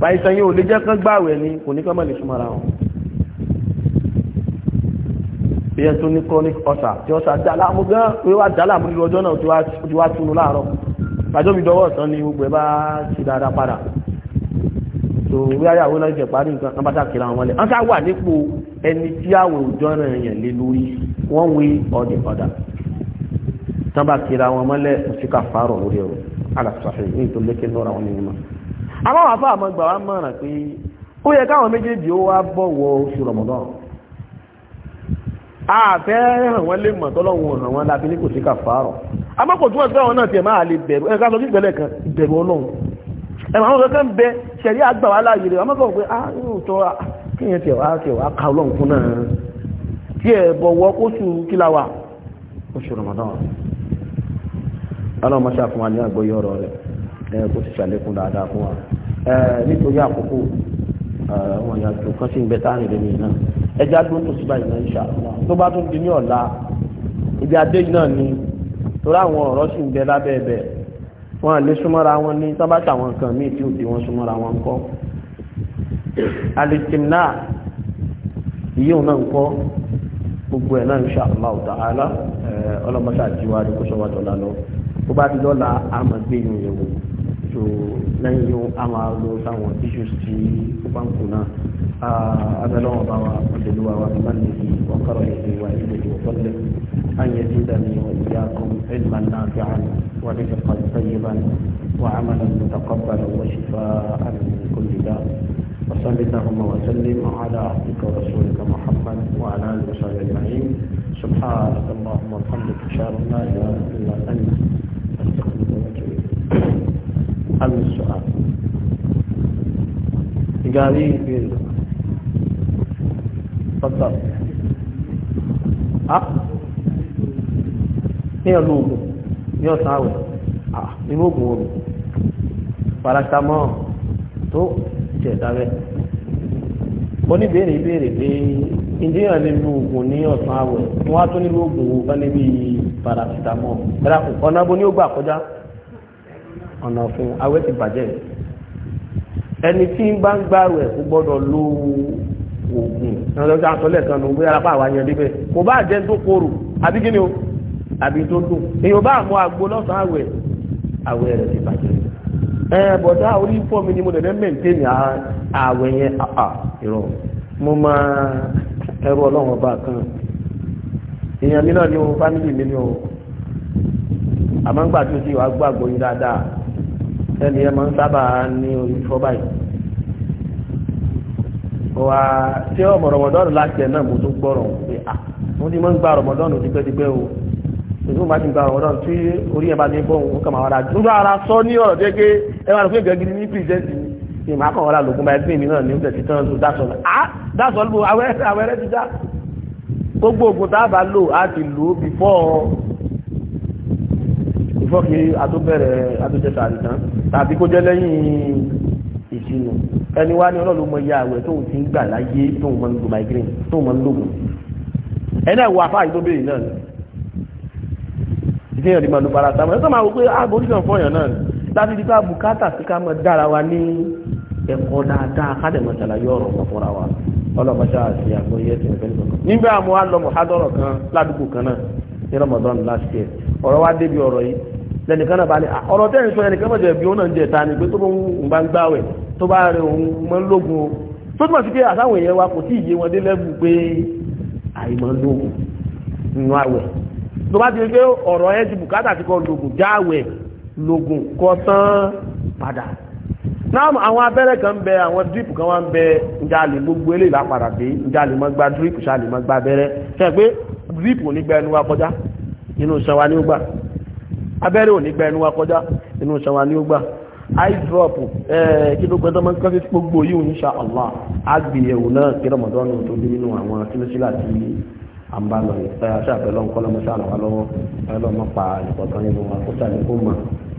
bá lè jẹ́ kán gbàwẹ̀ ni kò ní kán mọ̀ lè súnmọ́ ara wọn bí ẹn tó ní chronic ulcer tí ọ̀sà dá láàmú gan pé wá dá láàmú nílùú ọjọ́ náà tí wá túnú láàárọ̀ gbàjọ́ mi dọwọ́ ọ̀sán ni gbogbo ẹ̀ bá ti dáadáa padà tó wí ayáwó náà jẹ̀ parí nǹkan náà bá ra wọn lẹ̀ wọ́n wà nípò ẹni tí àwẹ̀ òjọ́ náà yẹn lé lórí wọ́n wé ọ̀dẹ̀ ọ̀dà tán bá kí ra wọn mọ́lẹ̀ òsì ká lórí ọ̀rọ̀ alàṣàṣe ní ìtòlékè lọ́ra wọn nìyẹn mọ́ àwọn àfa àmọ́ gbà wá mọ̀ràn pé ó yẹ káwọn méjèèjì ó wá bọ̀wọ̀ oṣù rọ̀mọ̀dán àfẹ́ hàn wọ́n lè mọ̀ tọ́lọ́wọ́n hàn wọ́n láti ní kò sí kàfàárọ̀ àmọ́ kò túnmọ̀ sí àwọn náà tiẹ̀ máa lè bẹ̀rù ẹ̀ka sọ sí ìgbẹ́lẹ̀ kan ìbẹ̀rù ọlọ́run ẹ̀mọ̀ àwọn kankan bẹ ṣẹ̀rí àgbà wà láàyè rẹ̀ àmọ́ kọ̀ pé a ah, yóò tọ́ kíyẹn tiẹ̀ wá tiẹ̀ wá ka ọlọ́run fún náà tiẹ̀ bọ̀wọ́ kóṣù kíláwà oṣù rọ̀mọ̀dán ọlọ́mọ ṣàfún wa ní àgbóyé ọ̀rọ̀ rẹ̀ kó ti ṣàlékún dáadáa fún wa nítorí àkókò wọn yà tó kán sí ń bẹ táàrin lómi náà ẹja gbó tó sí báyìí náà ń ṣà tó bá tún di ní ọ̀la ibi adé náà ni torí àwọn ọ̀rọ̀ sì ń bẹ lábẹ́ ẹ̀bẹ̀ wọn à lè súnmọ́ra wọn ní sábàtà àwọn nǹkan míì tí ò dé wọn súnmọ́ra wọn kọ́ alìtìmná ìyóò náà ń kọ́ gbogbo ẹ̀ náà ń ṣàlùmá ọ̀tá àlá ọlọ́mọṣà jíwájú kó sọ́wọ́dọ̀ lálọ́ tó bá ti lọ́la a máa gbé inú yẹn wò so lẹ́yìn yóò a máa lo sáwọn issues tí ó bá ń kù náà أبلغ ضوى الدلوى وبمنه وكرمه وعلمه وفضله أن يزيدني وإياكم علما نافعا ورزقا طيبا وعملا متقبلا وشفاء من كل داء وصل اللهم وسلم على عبدك ورسولك محمد وعلى اله وصحبه اجمعين سبحانك اللهم وبحمدك اشهد ان لا اله الا انت عن السؤال قال لي تفضل ها هي لوبو يو ساوي اه لوبو parastamọ tó jẹ̀dáwẹ́ oníbèèrè ìbèèrè pé ìdíyàn lè lo oògùn ní ọ̀sán paracetamol ẹ̀rọ ọ̀nà abo ni ó gbà kọjá ọ̀nà ọ̀fun awẹ́ ti bàjẹ́ ẹni tí ń bá ń gbà rẹ̀ kó gbọ́dọ̀ lo oògùn ẹ̀rọ tí a sọ lẹ́ẹ̀kan ló ń gbé apá àwọn yẹn débẹ̀ kò bá jẹ́ tó korò àbí kí ni o àbí tó dùn èèyàn bá mọ àgbo lọ́sàn-án àwẹ̀ àwẹ̀ rẹ̀ ti bàjẹ́ ẹ bọ̀dá orí fọ́ mi ni mo dẹ̀dẹ̀ mẹ́ǹtẹ́nì àwẹ̀ yẹn àà ìrọ̀ mo máa ẹrú ọlọ́run ọba kan èèyàn mi náà ni o fámìlì mi ni o àmọ́ ń gbà tó ti wàá gbàgbọ́ yín dáadáa ẹni ẹ máa ń sábà ní orí fọ́ báyìí wà ṣé ọmọ rọmọdọ́nù láti ẹ̀ náà mo tún gbọ́rọ̀ pé à mo ti máa ń gba rọmọdọ́nù tipẹ́tipẹ́ o ìlú bá ti gba rọmọdọ́nù tí orí ẹ̀ bá ti bọ̀ òun kà máa wà ara sọ ní ọ̀rọ̀ tó ké ẹ máa fún ìgbẹ́gidi ní pírẹsẹ̀ntì ni màá kàn wọ́n rà lókun báyìí fún mi náà ní oúnjẹ títàn tó dásọ̀lù gbogbo oògùn tá a bá lò á ti lò ó before before kí a tó bẹ̀rẹ̀ a tó jẹ sàárì tán tàbí kó jẹ́ lẹ́yìn ìṣinú ẹni wá ní ọlọ́run mọ iye àwẹ̀ tóun ti ń gbà láyé tóun mọ ń lo migraine tóun mọ ń lògùn ẹni ẹ̀wọ̀ afáàyè tó béèrè náà ìdíyàn ní màlúù paracetamol ẹ̀ tó máa wọ pé ààbò ah, oníṣàn fọyàn náà láti di ká bùkátà sí ká mọ dára wa ní ẹ̀kọ́ dáadáa ká dẹ̀ mọ̀ ṣàlàyé ọ̀rọ̀ ọ̀pọ̀ wa ọlọ́mọṣá àti àgbọ̀yé ẹ̀sìn ìfẹ́lẹ́ kankan. nígbà mo wá lọ mọ̀hádọ́rọ̀ kan ládùúgbò kan náà ní Ramadan last year ọ̀rọ̀ wá débi ọ̀rọ̀ yìí lẹ́nìkan náà bá ní ọ̀rọ̀ tẹ́ ń sọ ẹnìkan mọ̀jọ ẹ̀bí òun náà ń jẹ ta ni pé tó bá ń bá ń gbáwẹ̀ tó bá rẹ òun mọ́ ń lógun o tó túmọ̀ sí pé àtàwọn èèyàn wa kò tí ì yé wọn dé lẹ́bù pé àìmọ́ ń lógun nínú àwẹ̀ tó bá ti rí pé ọ̀rọ̀ ẹ ti bùkátà ti kọ́ lógun jáwẹ̀ lógun kọ́ tán padà islam àwọn abẹ́rẹ́ kan bẹ àwọn drip kan wá ń bẹ njalè gbogbo eléyìí lápadà dé njalè mọ́ gba drip ṣàlè mọ́ gba abẹ́rẹ́ ṣe pé drip ò ní gba ẹnu wa kọjá inú iṣan wa ní ó gbà abẹ́rẹ́ ò ní gba ẹnu wa kọjá inú iṣan wa ní ó gbà eye drop kí ló pẹ́tọ́ máa ń kọ́sí gbogbo yìí insha Allah agbèyẹ̀wò náà kí rọmọdọ́nù tó dé nínú àwọn sílẹ̀sílẹ̀ àti àmbálọ̀ ìfẹ́ aṣáàfẹ́ lọ́nkọ́lọ́mọṣáàlọ́wọ́ ẹlọ́mọ́pa ìpọ̀tán nínú àkóṣàlẹ́kọ́ mọ́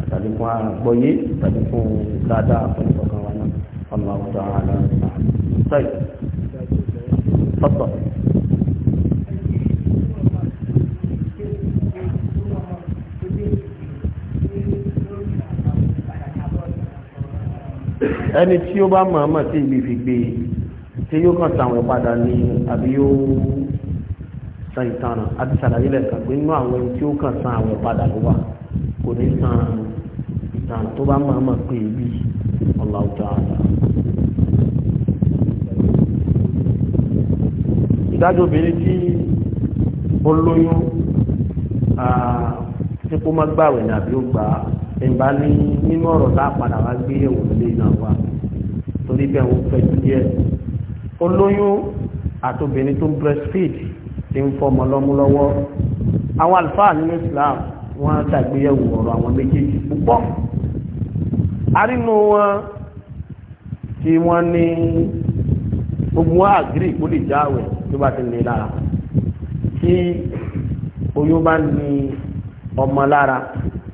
tàbí fún àgbọ́yé tàbí fún dáadáa fún ìṣọ̀kan wa náà ọlọ́run tó ara lọ sọ́yì tọ́tọ̀. ẹni tí ó bá mọ̀ọ́mọ̀ sí ibi fi gbé tí yóò kàn sàwọn padà ní àbí yóò san ìtanràn àti sàlàyé lẹ́ẹ̀kan pé nínú àwọn tí ó kàn san padà ló wà kò ní san tó bá máa máa pè é bí Allahu ta'ala. ìdájọ́ obìnrin tí ó lóyún tí kó má gbàwé ní àbí ó gbà á ìgbà ní nínú ọ̀rọ̀ tá a padà wá gbé yẹ̀wò lé náà wá torí bẹ́ẹ̀ ó fẹ́ díẹ̀ ó lóyún àtòbìnrin tó breastfeed ti ń fọmọ lọ́mú àwọn àlùfáà nínú Islam wọ́n á ṣàgbéyẹ̀wò ọ̀rọ̀ àwọn méjèèjì púpọ̀ arínú wọn tí wọ́n ní gbogbo wọn àgírí kó lè jáwé tó bá ti ní lára tí oyún bá ní ọmọ lára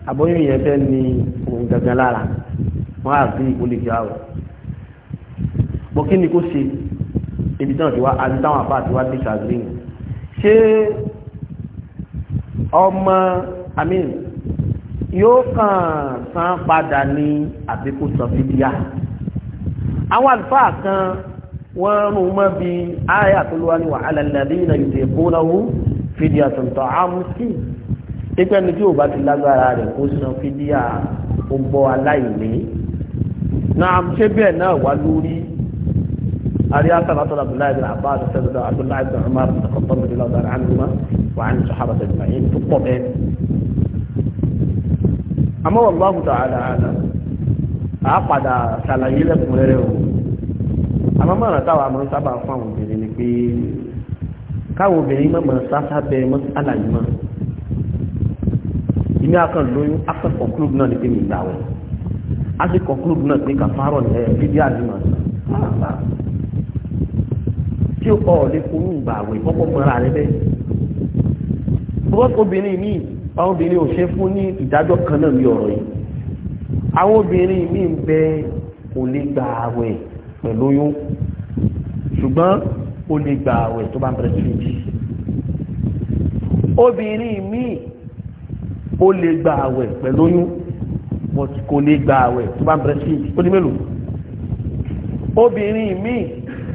aboyún yẹn fẹ́ ní ohun gangan lára wọ́n àgírí kó jáwé bọ́ kí ni kó ṣe ibi táwọn ti wá àti táwọn àbá àti wá dé ṣé ọmọ amín yóò kàn san padà ní àbíkú sọfídíà àwọn àlùfáà kan wọn rún mọ bí àyà tó lọ ní wàhálà lẹbi iná yìí tẹ kó náwó fìdíà tuntun àmúsí pípẹ́ ní tí ò bá ti lágbára rẹ̀ kó san fìdíà ó bọ́ aláìní náà ṣé bẹ́ẹ̀ náà wà lórí أريا سبعة عبد الله بن عباس سيدنا عبد الله بن عمر تقدم رضي الله عنهما وعن الصحابة أجمعين في الطبيب àmọ́ wallahu ta'ala àá padà ṣàlàyé lẹ́kùnrẹ́rẹ́ o àmọ́ mọ̀ràn táwa máa ń sábà fún àwọn obìnrin ni pé káwọn obìnrin mọ̀mọ́ sáfá bẹ mọ́sálà yìí mọ́ ìní akàn lóyún akàn conclude náà ni pé mi gbà wọ́n a ti conclude náà pé kàfárọ̀ ní ẹ̀ bíbí àdìmọ̀ tí o kọ́ ọ̀ lé kúrú ìgbà kọ́kọ́ mọ́ra rẹ bẹ́ẹ̀ bọ́sọ̀ àwọn obìnrin ò ṣe fún ní ìdájọ́ kan náà bí ọ̀rọ̀ yìí àwọn obìnrin míì ń bẹ kò lè gba àwẹ̀ pẹ̀lú oyún ṣùgbọ́n ó lè gba àwẹ̀ tó bá ń bẹ̀rẹ̀ sí ìjì obìnrin míì ó lè gba àwẹ̀ pẹ̀lú oyún but kò lè gba àwẹ̀ tó bá bẹ̀rẹ̀ sí ìjì ó ní mélòó obìnrin míì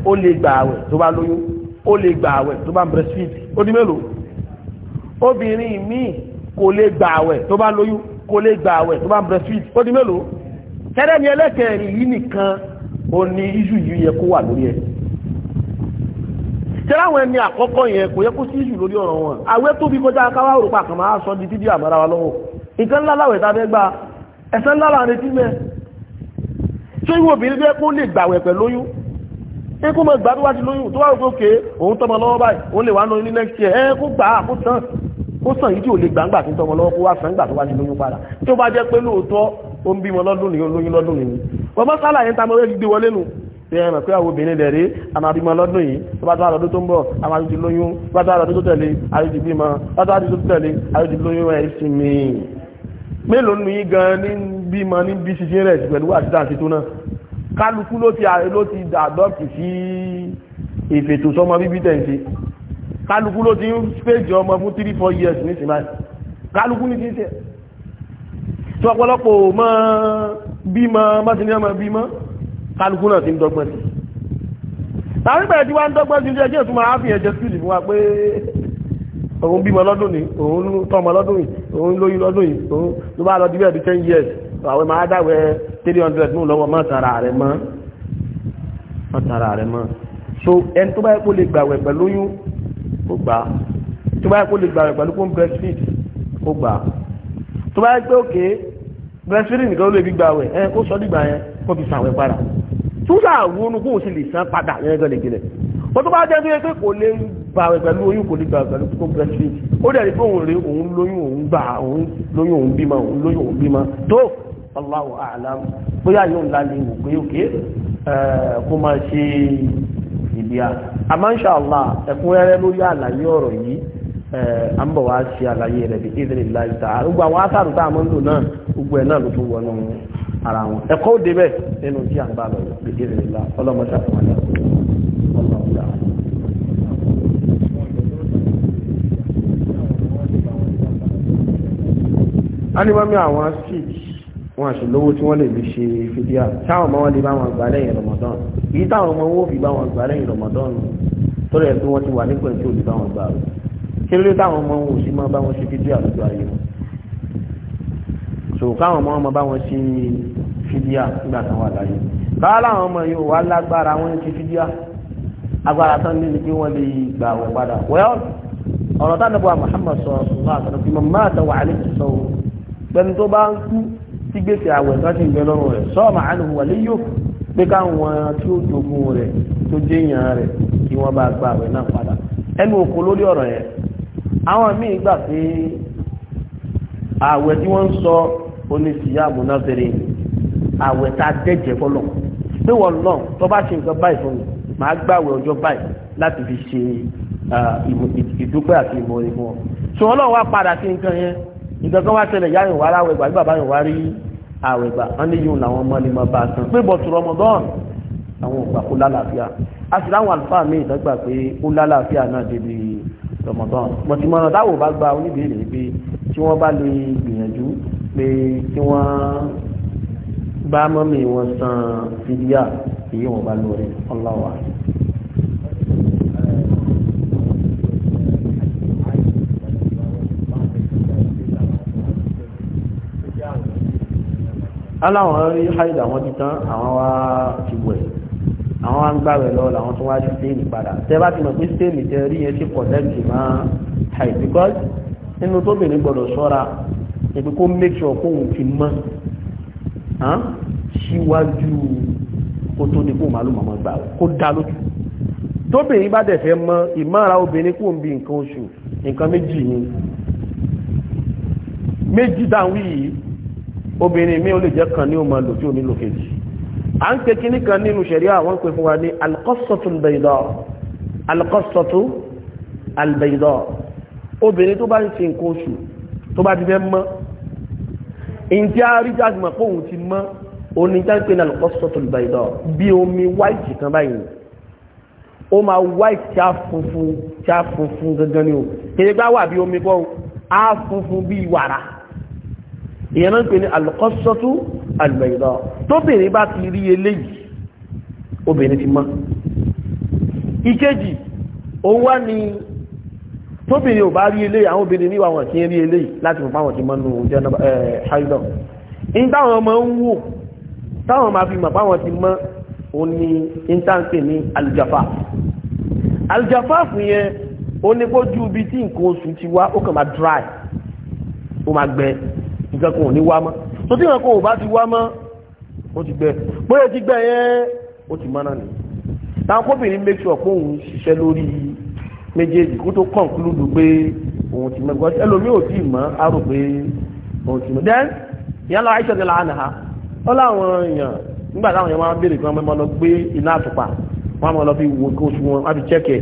ó lè gba àwẹ̀ tó bá lóyún ó lè gba àwẹ̀ tó bá bẹ̀rẹ̀ sí ìjì ó ní mélòó obìnrin míì kò lè gba àwẹ̀ tó bá lóyún kò lè gba àwẹ̀ tó bá breastfeed ó di mélòó tẹ́lẹ̀ ní ẹlẹ́kẹ̀rin yìí nìkan ó ní iṣu yìí yẹ kó wà lórí ẹ̀ tẹ́lẹ̀ àwọn ẹni àkọ́kọ́ yẹn kò yẹ kó sí iṣu lórí ọ̀rọ̀ wọn àwẹ̀ tóbi kọjá káwá rò pa àkàmọ́ àṣọ di fídíò àmọ́ra wa lọ́wọ́ nǹkan ńlá láwẹ̀ tá a fẹ́ gba ẹ̀sẹ̀ ńlá láàrin tí mẹ́ ṣé ìwọ obìnrin bẹ́ẹ̀ kó lè gbàwẹ̀ pẹ̀ lóyún ẹ kó mọ gbàdúrà ti lóyún tó wà rò pé òun tọmọ lọ́wọ́ báyìí òun lè wà lóyún ní next year ẹ kó gbà kó tán ó sàn yìí tí ò lè gbàǹgbà tí ń tọmọ lọ́wọ́ kó wá sàn gbà tó wá ti lóyún padà tí ó bá jẹ́ pé lóòótọ́ ó ń bímọ lọ́dún nìyí olóyún lọ́dún nìyí wọ́n mọ́ sálà yẹn ta mọ́ wẹ́ẹ́ gbé wọlé nù bí ẹran pé àwọn obìnrin dẹ̀ rí àmà bímọ lọ́dún yìí tó bá tó àrọ̀dún tó ń bọ̀ àmà àti ti lóyún bá tó àrọ̀dún tó tẹ̀lé àti ti bímọ bá tó àrọ̀dún tó tẹ̀lé àti ti lóyún ẹ̀ sí mi mélòó nu yín gan ní bímọ ní bí ṣiṣẹ́ rẹ̀ pẹ̀lú àtúntà àti tó náà kálukú ló ti àdọ́pì sí ìfètò sọmọ bíbí tẹ̀ ń ṣe kálukú ló ti ń péjì ọmọ fún three four years ní sinmi kálukú ní ti ń tẹ tí ọ̀pọ̀lọpọ̀ mọ bímọ mọsíní ọmọ bímọ kálukú náà ti ń dọ́gbọ́n sí tàbí bẹ̀rẹ̀ tí wọ́n ń dọ́gbọ́n sí ẹjẹ́ ìtumọ̀ àáfin ẹ̀jẹ̀ skúlì fún wa pé òun bímọ lọ́dún ni òun tọmọ lọ́dún yìí òun lóyún lọ́dún yìí òun ló bá lọ dibẹ̀ bí ten years àwọn ẹ̀ máa dáwẹ̀ three hundred nù lọ́wọ́ mọ́ tara rẹ̀ mọ́ tara rẹ̀ mọ́ so ẹni tó bá yẹ kó lè gbàwẹ̀ pẹ̀lú oyún kò gbà tó bá yẹ kó lè gbà rẹ̀ pẹ̀lú kó ń breastfeed ó gbà tó bá yẹ pé òkè breastfeeding nìkan ló lè fi gbà wẹ̀ ẹ kó sọ dìgbà yẹn kó fi sàwẹ̀ padà tó sàwọn kó o sì lè san padà yẹn gan lè gẹlẹ̀ ó tó bá jẹ́ tó yẹ pé kò lè gbà rẹ̀ pẹ̀lú oyún kò lè gbà rẹ̀ pẹ̀lú kó breastfeed ó dẹ̀ rí pé òun rí òun lóyún òun gbà òun lóyún òun bímọ òun lóyún òun bímọ tó Allahu a'lam bóyá yóò ń lálẹ́ wò pé òkè kó Nàìjíríà àmọ́ insha Allah ẹ̀kúnrẹ́rẹ́ lórí àlàyé ọ̀rọ̀ yìí à ń bọ̀ wá ṣe àlàyé rẹ̀ bí ìdílé láìta gbogbo àwọn asáàrù tá náà gbogbo ẹ̀ náà ló wọnú ara wọn ẹ̀kọ́ òde bẹ́ẹ̀ nínú tí à ń bá lọ bí ìdílé lá ọlọ́mọṣà fún a ní wọ́n àwọn wọn àṣù lówó tí wọ́n lè fi ṣe fìdíà táwọn ọmọ wọn lè bá wọn gbà lẹ́yìn Ramadan èyí táwọn ọmọ wọn ò fi bá wọn gbà lẹ́yìn Ramadan tó rẹ̀ pé ti wà nípò tí ò bá wọn gbà rẹ̀ kí táwọn ọmọ wọn ò sí máa bá wọn ṣe fìdíà lójú ayé wọn so káwọn ọmọ ọmọ bá wọn ṣe fìdíà nígbà tán wà láyé káwọn làwọn ọmọ yìí wà lágbára wọn ti fìdíà agbára tán ní ni pé wọ́n lè gbà wọ́n padà tí gbèsè àwẹ̀ tó ti ń bẹ lọ́rùn rẹ̀ sọ́ọ̀mà àlùkò wà lè yóò pé káwọn tí ó jogún rẹ̀ tó jẹ́yàn rẹ̀ kí wọ́n bá gba àwẹ̀ náà padà ẹnu òkú lórí ọ̀rọ̀ yẹn àwọn míì gbà pé àwẹ̀ tí wọ́n ń sọ oníṣìyà àmúnáfẹ́rẹ́ àwẹ̀ tá a dẹ́jẹ́ fọlọ́ pé wọ́n lọ tó bá ṣe nǹkan báyìí fún mi màá gbàwẹ̀ ọjọ́ báyìí láti fi ṣe ìdúpẹ́ àti ìmọ̀ ìmọ̀ nǹkan kan wá ṣẹlẹ̀ yá yòówá láwẹ̀ gbà bàbá yòówá rí àwẹ̀ gbà wọ́n ní yóò làwọn ọmọ ni mo bá a san pé bọ̀tù rọmọdán àwọn ògbà kó lálàáfíà a sì láwọn àlùfáà mi ìdọ́gba pé ó lálàáfíà náà débi rọmọdán mọ̀tìmọ̀ràn táwọn bá gba oníbèrè pé tí wọ́n bá lè gbìyànjú pé kí wọ́n bá mọ́mí wọn san fìdíà èyí wọn bá lórí ọlọ́wà. aláwọn rí haid àwọn ti tán àwọn wá ti wẹ̀ àwọn wá ń gbà rẹ̀ lọ làwọn tó wá rí stéèlì padà tẹ bá ti mọ̀ pé stéèlì tẹ rí yẹn ti kọ̀dẹ́ẹ̀tì máa haid because nínú tóbìnrin gbọ́dọ̀ sọ́ra ìpín kó make sure kóhun ti mọ́ síwájú kó tó ní kóhun màálù màmá gbà kó dá lójú tóbìnrin bá dẹ̀ fẹ́ mọ́ ìmọ̀ra obìnrin kó ń bi nǹkan oṣù nǹkan méjì ni méjì dáhùn yìí obìnrin mi ò lè jẹ́ kan ní o máa lò tí ò ní lò kejì à ń pe kíní kan nínú ṣẹ̀ríà àwọn ń wa ní alqassatu albayda alqassatu albayda obìnrin tó bá ń ṣe nǹkan oṣù tó bá ti fẹ́ mọ́ ìntí àríjà àgbà pé òun ti mọ́ oníjáde ní alqassatu albayda bí omi wáìtì kan báyìí ó máa wáìtì tí a funfun tí a funfun gangan ni o kèrè gbá a funfun bí ìyẹn náà ń pè ní alùkọ́sọ́tú àlùmẹ̀yìnlá tóbìnrin bá ti rí eléyìí obìnrin ti mọ́ ìkejì òun wá ní tóbìnrin ò bá rí eléyìí àwọn obìnrin níwà wọn kí ń rí eléyìí láti fún fáwọn ti mọ́ nù ṣáìdọ̀ in táwọn ọmọ ń wò táwọn máa fi mọ̀ fáwọn ti mọ́ òun ni intanpe ní alùjàfà alùjàfà fún yẹn ó ní kó ju ibi tí nǹkan oṣù ti wá ó kàn máa dry ó máa gbẹ nǹkan kan ò ní wá mọ́ tó tí nǹkan kan bá ti wá mọ́ ó ti gbẹ pé ó ti gbẹ yẹn ó ti mọ́nà nì táwọn kóbìnrin make sure pé òun ṣiṣẹ́ lórí méjèèjì kó tó conclude pé òun ti mọ́ because ẹlòmíì ò tí ì mọ́ á rò pé òun ti mọ́ then ìyá lọ àìsàn ti là á ó láwọn èèyàn nígbà táwọn èèyàn máa ń béèrè kan mọ́ gbé iná àtùpà wọ́n máa lọ fi wo kí oṣù wọn wọ́n fi chẹ́kẹ̀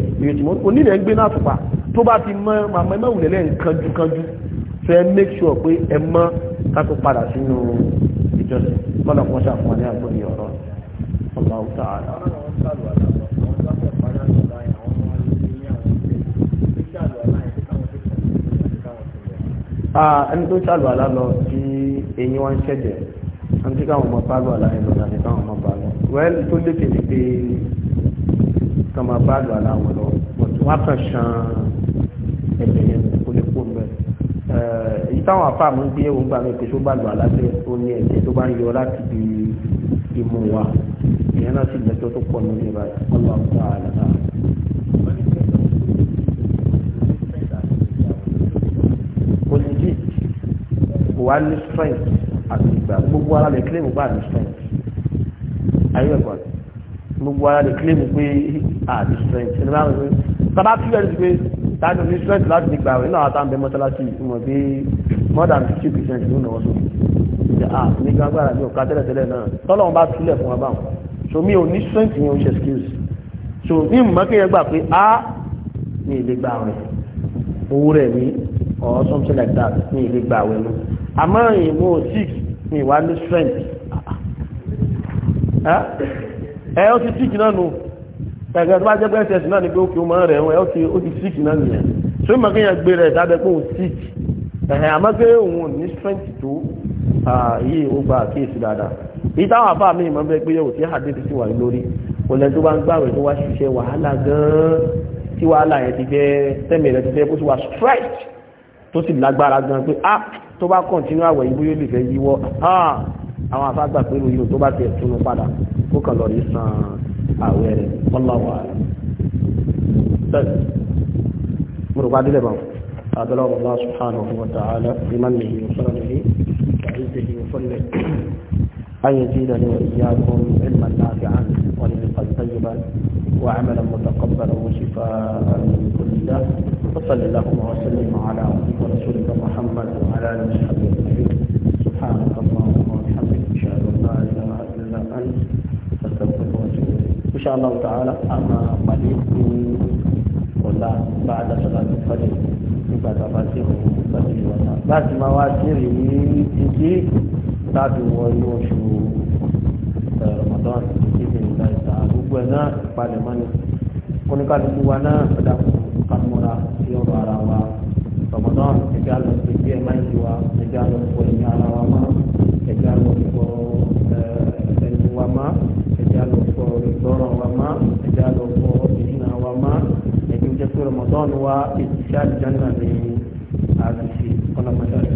ìrètí gbé náà tùpà tó bá ti mọ́ màmá ẹ̀mọ́ ìwùlẹ̀ lẹ́yìn kanjú kanjú fẹ́ make sure pé ẹ mọ́ kátó padà sínú ìjọsìn kọ́nà kan ṣàfihàn ní àgbóyè ọ̀rọ̀ Allahu ta'ala. ẹni tó ṣàlù àlá lọ tí eyín wá ń ṣẹ̀jẹ̀ àti káwọn ọmọ bá lù àlá yẹn lọ àti káwọn ọmọ bá lọ wẹ́ẹ́lì tó lékè ní pé kàn bá lù àlá wọn lọ wọ́n kàn ṣan ẹ̀jẹ̀ yẹn lọ èyí táwọn afáàmù ń gbé òun gbà mí pé tó bá lọ aláṣẹ tó ní ẹ̀jẹ̀ tó bá ń yọ láti di ìmú wa ìyẹn náà sì lẹ́jọ́ tó pọ̀ lórí rẹ̀ ọlọ́run tó àlàkà. kò sí ní strength àti ìgbà gbogbo ara lè claim bá ní strength ayé ẹ̀kọ́ gbogbo ara lè claim pé àti strength ẹni bá ń rí sábà tí wẹ́n ti pé tani omi stress láti ti gbà wẹ̀ náà tá à ń bẹ mọ́sálásí bí more than fifty percent ló náà sọ ṣe à ah, ní gbàgbára mi ò ká tẹ́lẹ̀ tẹ́lẹ̀ náà tọ́lọ́ bá sílẹ̀ fún wa báwọn so mi ò ní strength yẹn ò ṣe skills so mi mọ̀ kí yẹn gbà pé a ah, mi ìlé gbà wẹ̀ owó rẹ̀ mi or something like that mi ìlé gbà wẹ̀ nu àmọ́ ìmọ̀ six mi wà ní strength ah, ẹ ó ti tíjì náà nù gbàgbà tó bá jẹ́ pẹ́ẹ́sì ẹ̀sìn náà ni pé ó kí ó máa rẹ̀ wọ́n ó ti ó ti sick náà nìyẹn tó ìmọ̀ kéèyàn gbé rẹ̀ dábẹ́ pé òun sick ẹ̀hẹ̀ àmọ́ pé òun ò ní strength tó yìí ó gba àkíyèsí dáadáa èyí táwọn àbá mi ìmọ̀ bẹ́ẹ̀ pé yóò ti hàdé ti wà lórí olè tó bá ń gbàwẹ̀ tó wá ṣiṣẹ́ wàhálà gan-an tí wàhálà yẹn ti fẹ́ tẹ́mì rẹ̀ ti fẹ́ kó sì wà strike tó sì lágbára gan-an pé ah tó bá continue àwẹ̀ yìí bóyá lè fẹ́ yíwọ́ ah, àwọn afágbà pé ròyìn tó bá tiẹ̀ túnú àwẹ̀ rẹ̀ wallahu a'lam bẹ́ẹ̀ mo rò pàdé lẹ́bàá أبلغ الله سبحانه وتعالى بمنه وكرمه وعزه وفضله أن يزيدني وإياكم علما نافعا ورزقا طيبا وعملا متقبلا وشفاء من كل داء وصلى اللهم وسلم على رسولك محمد وعلى آله وصحبه أجمعين inshallah ta'ala a máa pàdé ní ọ̀la bá àdàsọ̀lá ní fọ́lẹ̀ nígbà tá a bá sí òun pẹ̀lú ìwọ̀nà láti máa wá jèrè ní títí láti wọ inú oṣù Ramadan ìdíje ìlà ìta gbogbo ẹ̀ náà ìpalẹ̀mọ́ ni kóníkàlùkù wa náà ọ̀dà kàmúra sí ọ̀rọ̀ ara Ramadan ẹ̀jẹ̀ àlọ́ ẹ̀jẹ̀ máa ń ju wa ẹ̀jẹ̀ àlọ́ fọ ẹ̀yìn ara wa mọ́ ẹ̀jẹ̀ àlọ́ fọ wa mọ́ ẹja lọ fọ ìgbọràn wa má ẹja lọ fọ ìdínà wa má ẹjọ jẹ pé Ramadan wa ètùtù àdìjọ náà lè àdìsí ọlọmọdé.